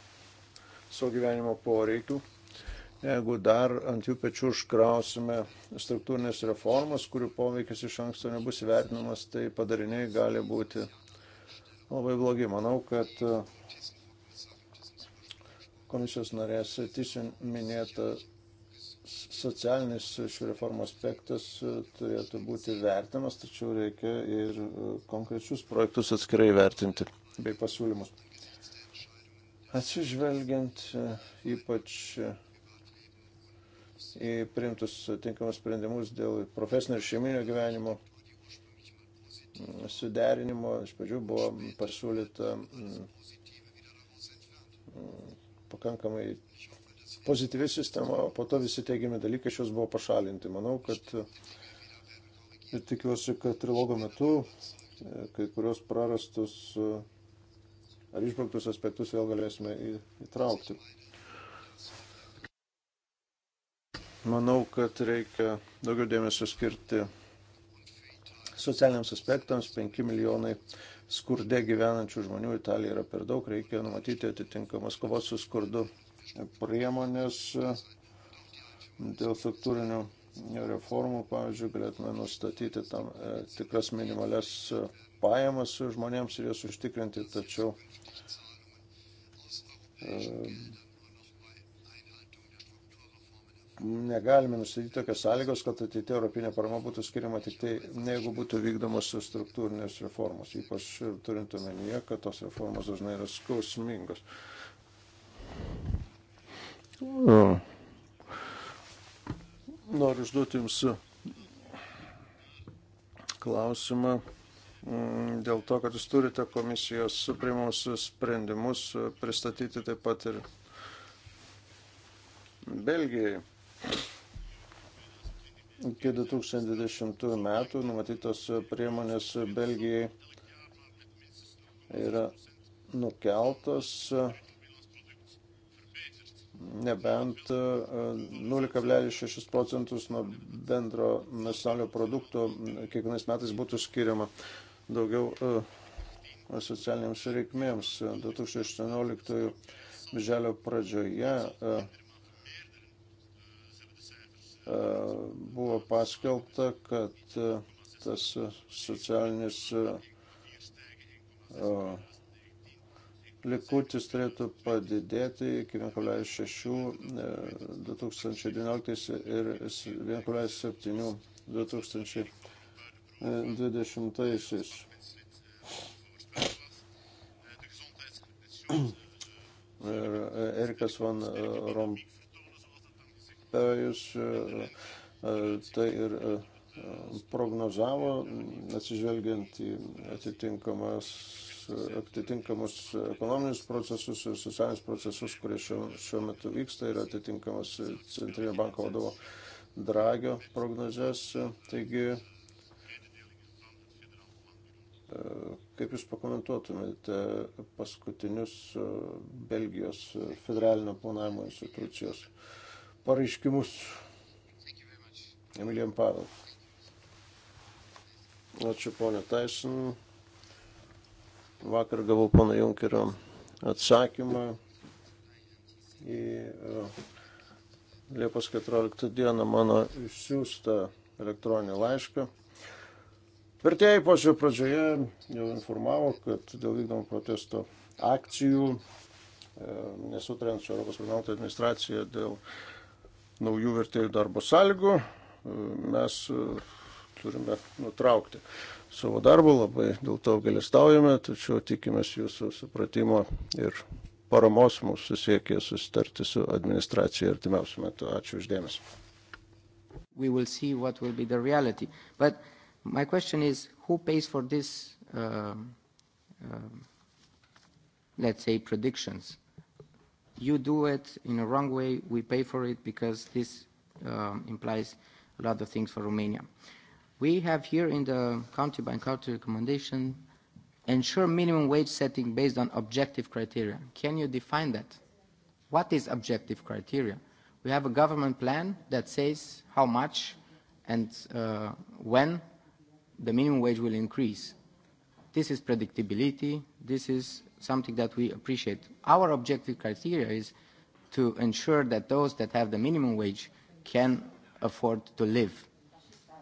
savo gyvenimo poreikių jeigu dar ant jų pečių užkrausime struktūrinės reformas, kurių poveikis iš anksto nebus vertinamas, tai padariniai gali būti labai blogi. Manau, kad e, komisijos narės Tysin minėta socialinis šių reformų aspektas e, turėtų būti vertinamas, tačiau reikia ir e, konkrečius projektus atskirai vertinti bei pasiūlymus. Atsižvelgiant ypač į primtus tinkamus sprendimus dėl profesinio ir šeiminio gyvenimo suderinimo. Iš pradžių buvo pasiūlyta mm, pakankamai pozityvi sistema, o po to visi teigiami dalykai šios buvo pašalinti. Manau, kad tikiuosi, kad trilogo metu e, kai kurios prarastus e, ar išbrauktus aspektus vėl galėsime įtraukti. Manau, kad reikia daugiau dėmesio skirti socialiniams aspektams. 5 milijonai skurde gyvenančių žmonių Italija yra per daug. Reikia numatyti atitinkamas kovos su skurdu priemonės dėl struktūrinių reformų, pavyzdžiui, galėtume nustatyti tam e, tikras minimales e, pajamas žmonėms ir jas užtikrinti, tačiau e, negalime nustatyti tokios sąlygos, kad ateitie Europinė parama būtų skiriama tik tai, jeigu būtų vykdomos struktūrinės reformos, ypač turint omenyje, kad tos reformos dažnai yra skausmingos. O. Noriu užduoti Jums klausimą mm, dėl to, kad Jūs turite komisijos priimamus sprendimus pristatyti taip pat ir Belgijai. Iki 2020 metų numatytos priemonės Belgijai yra nukeltos nebent 0,6 e, procentus nuo bendro nacionalinio produkto kiekvienais metais būtų skiriama daugiau e, socialiniams reikmėms. 2018 birželio pradžioje e, E, buvo paskelbta, kad e, tas socialinis e, likutis turėtų padidėti iki 1,6 2019 ir 1,7 2020. Ir Erikas Van Romp Perajus e, e, tai ir e, prognozavo, atsižvelgiant į atitinkamas atitinkamus ekonominius procesus ir socialinius procesus, kurie šiuo, šiuo metu vyksta ir atitinkamas Centrinio banko vadovo Dragio prognozes. Taigi, kaip Jūs pakomentuotumėte paskutinius Belgijos federalinio planavimo institucijos pareiškimus. Emilijam Pavel. Ačiū ponė Taisin. Vakar gavau pana Junkerio atsakymą į e, Liepos 14 dieną mano išsiųstą elektroninį laišką. Vertėjai posėdžio pradžioje jau informavo, kad dėl vykdomų protesto akcijų e, nesutrent su Europos parlamento administracija dėl uh, naujų vertėjų darbo sąlygų, mes e, turime nutraukti savo darbą, labai dėl to galėstaujame, tačiau tikimės jūsų supratimo ir paramos mūsų siekė susitarti su administracija artimiausiu metu. Ačiū uždėmesi. My question is, who pays for this, uh, uh, let's say, predictions? you do it in a wrong way, we pay for it because this um, implies a lot of things for Romania. We have here in the country by country recommendation ensure minimum wage setting based on objective criteria. Can you define that? What is objective criteria? We have a government plan that says how much and uh, when the minimum wage will increase. This is predictability, this is something that we appreciate. Our objective criteria is to ensure that those that have the minimum wage can afford to live.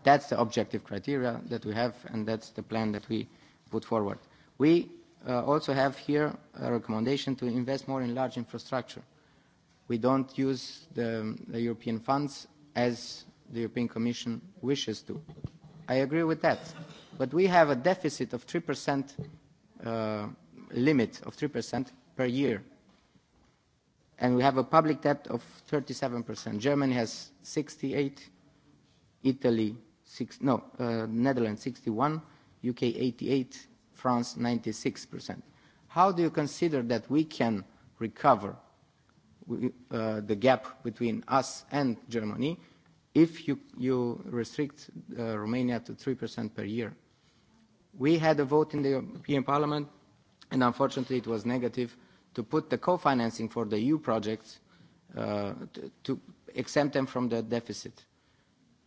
That's the objective criteria that we have, and that's the plan that we put forward. We uh, also have here a recommendation to invest more in large infrastructure. We don't use the, the European funds as the European Commission wishes to. I agree with that. But we have a deficit of 3% uh, limit of 3% per year. And we have a public debt of 37%. Germany has 68, Italy six, no, uh, Netherlands 61, UK 88, France 96%. How do you consider that we can recover uh, the gap between us and Germany if you, you restrict uh, Romania to 3% per year? We had a vote in the European Parliament and unfortunately it was negative, to put the co-financing for the EU projects uh, to, to exempt them from the deficit.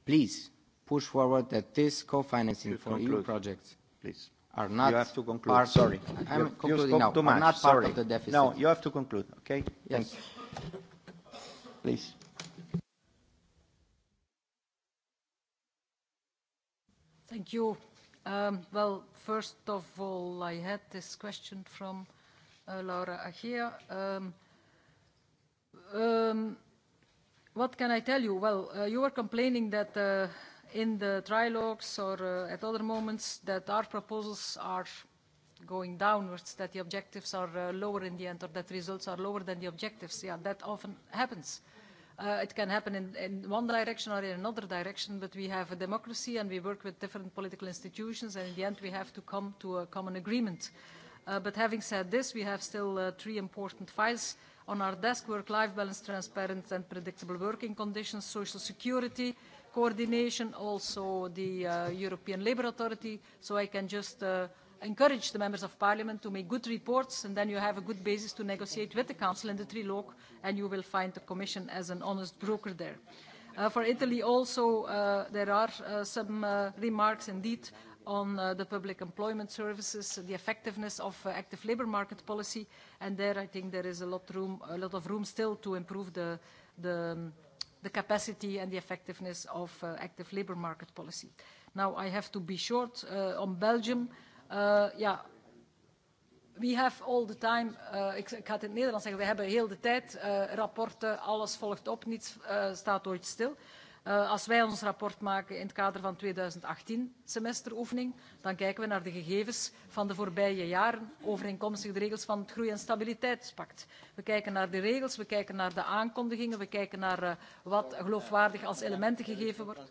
Please push forward that this co-financing for e conclude, EU projects please. are not you have to conclude. part. Sorry, I'm you, concluding you now. Too much. Are not Sorry. part of the deficit. No, you have to conclude. Okay. Yes. Thank you. Please. Thank you. Um, well, first of all, I had this question from uh, Laura Agea. Um, um, what can I tell you? Well, uh, you were complaining that uh, in the trilogues or uh, at other moments that our proposals are going downwards, that the objectives are uh, lower in the end or that results are lower than the objectives. Yeah, that often happens. Uh, Uh, it can happen in, in one direction or in another direction, but we have a democracy and we work with different political institutions, and in the end, we have to come to a common agreement. Uh, but having said this, we have still uh, three important files on our desk, work-life balance, transparent and predictable working conditions, social security, coordination, also the uh, European Labour Authority. So I can just uh, encourage the members of parliament to make good reports and then you have a good basis to negotiate with the council in the trilogue and you will find the commission as an honest broker there. Uh, for Italy also uh, there are uh, some uh, remarks indeed on uh, the public employment services, the effectiveness of uh, active labour market policy and there I think there is a lot, room, a lot of room still to improve the, the, um, the capacity and the effectiveness of uh, active labour market policy. Now I have to be short uh, on Belgium. Uh, uh, ja, we have all the time, uh, ik, ik ga het in het Nederlands zeggen, we hebben heel de tijd uh, rapporten, alles volgt op, niets uh, staat ooit stil. Uh, als wij ons rapport maken in het kader van 2018 semesteroefening, dan kijken we naar de gegevens van de voorbije jaren overeenkomstig de regels van het Groei- en Stabiliteitspact. We kijken naar de regels, we kijken naar de aankondigingen, we kijken naar uh, wat geloofwaardig als elementen gegeven wordt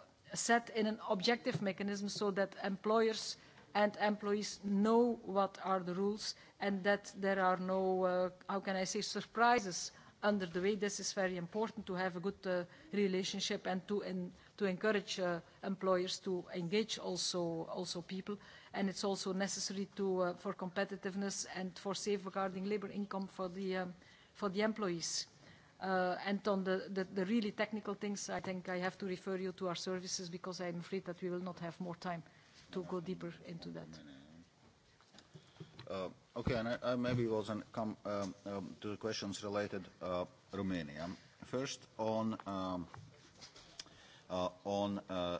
set in an objective mechanism so that employers and employees know what are the rules and that there are no, uh, how can I say, surprises under the way. This is very important to have a good uh, relationship and to, in, to encourage uh, employers to engage also, also people. And it's also necessary to, uh, for competitiveness and for safeguarding labor income for the, um, for the employees. Uh, and on the, the, the really technical things, I think I have to refer you to our services because I'm afraid that we will not have more time to go deeper into that. Uh, okay, and I, I maybe will then come um, um, to the questions related uh, Romania. First, on um, uh, on uh,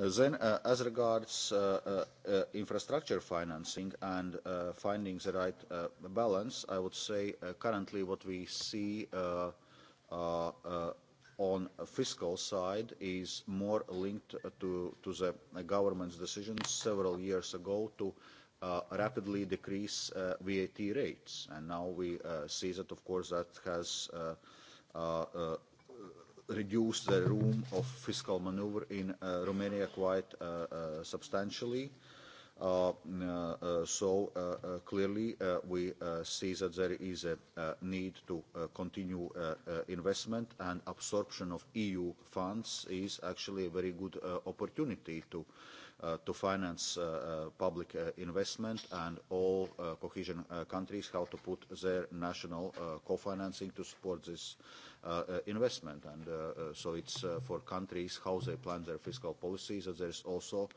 Uh, then, uh, as regards uh, uh, uh, infrastructure financing and uh, finding the right uh, balance, I would say uh, currently what we see uh, uh, uh, on a fiscal side is more linked uh, to, to the government's decision several years ago to uh, rapidly decrease uh, VAT rates. And now we uh, see that, of course, that has uh, uh, uh, reduced the room of fiscal maneuver in uh, Romania quite uh, uh, substantially. Uh, uh, uh, so uh, uh, clearly uh, we uh, see that there is a uh, need to uh, continue uh, uh, investment and absorption of EU funds is actually a very good uh, opportunity to uh, uh, to finance uh, uh, public uh, investment and all uh, cohesion uh, countries how to put their national uh, co-financing to support this uh, uh, investment. And uh, uh, so it's uh, for countries how they plan their fiscal policies that there's also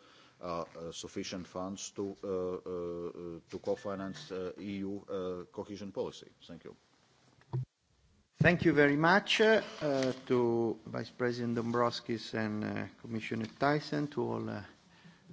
uh, uh, sufficient funds to, uh, uh, to co-finance uh, EU uh, cohesion policy. Thank you. Thank you very much uh, to Vice President Dombrovskis and uh, Commissioner Tyson, to all uh,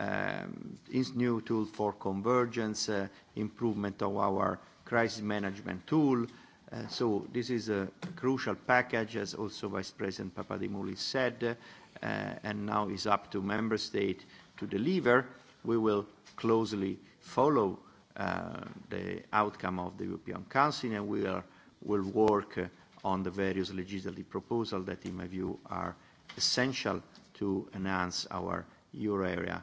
um, new tool for convergence, uh, improvement of our crisis management tool. Uh, so this is a crucial package, as also Vice President Papadimoulis said, uh, and now is up to member state to deliver. We will closely follow uh, the outcome of the European Council, and we are, will work uh, on the various legislative proposals that, in my view, are essential to enhance our euro area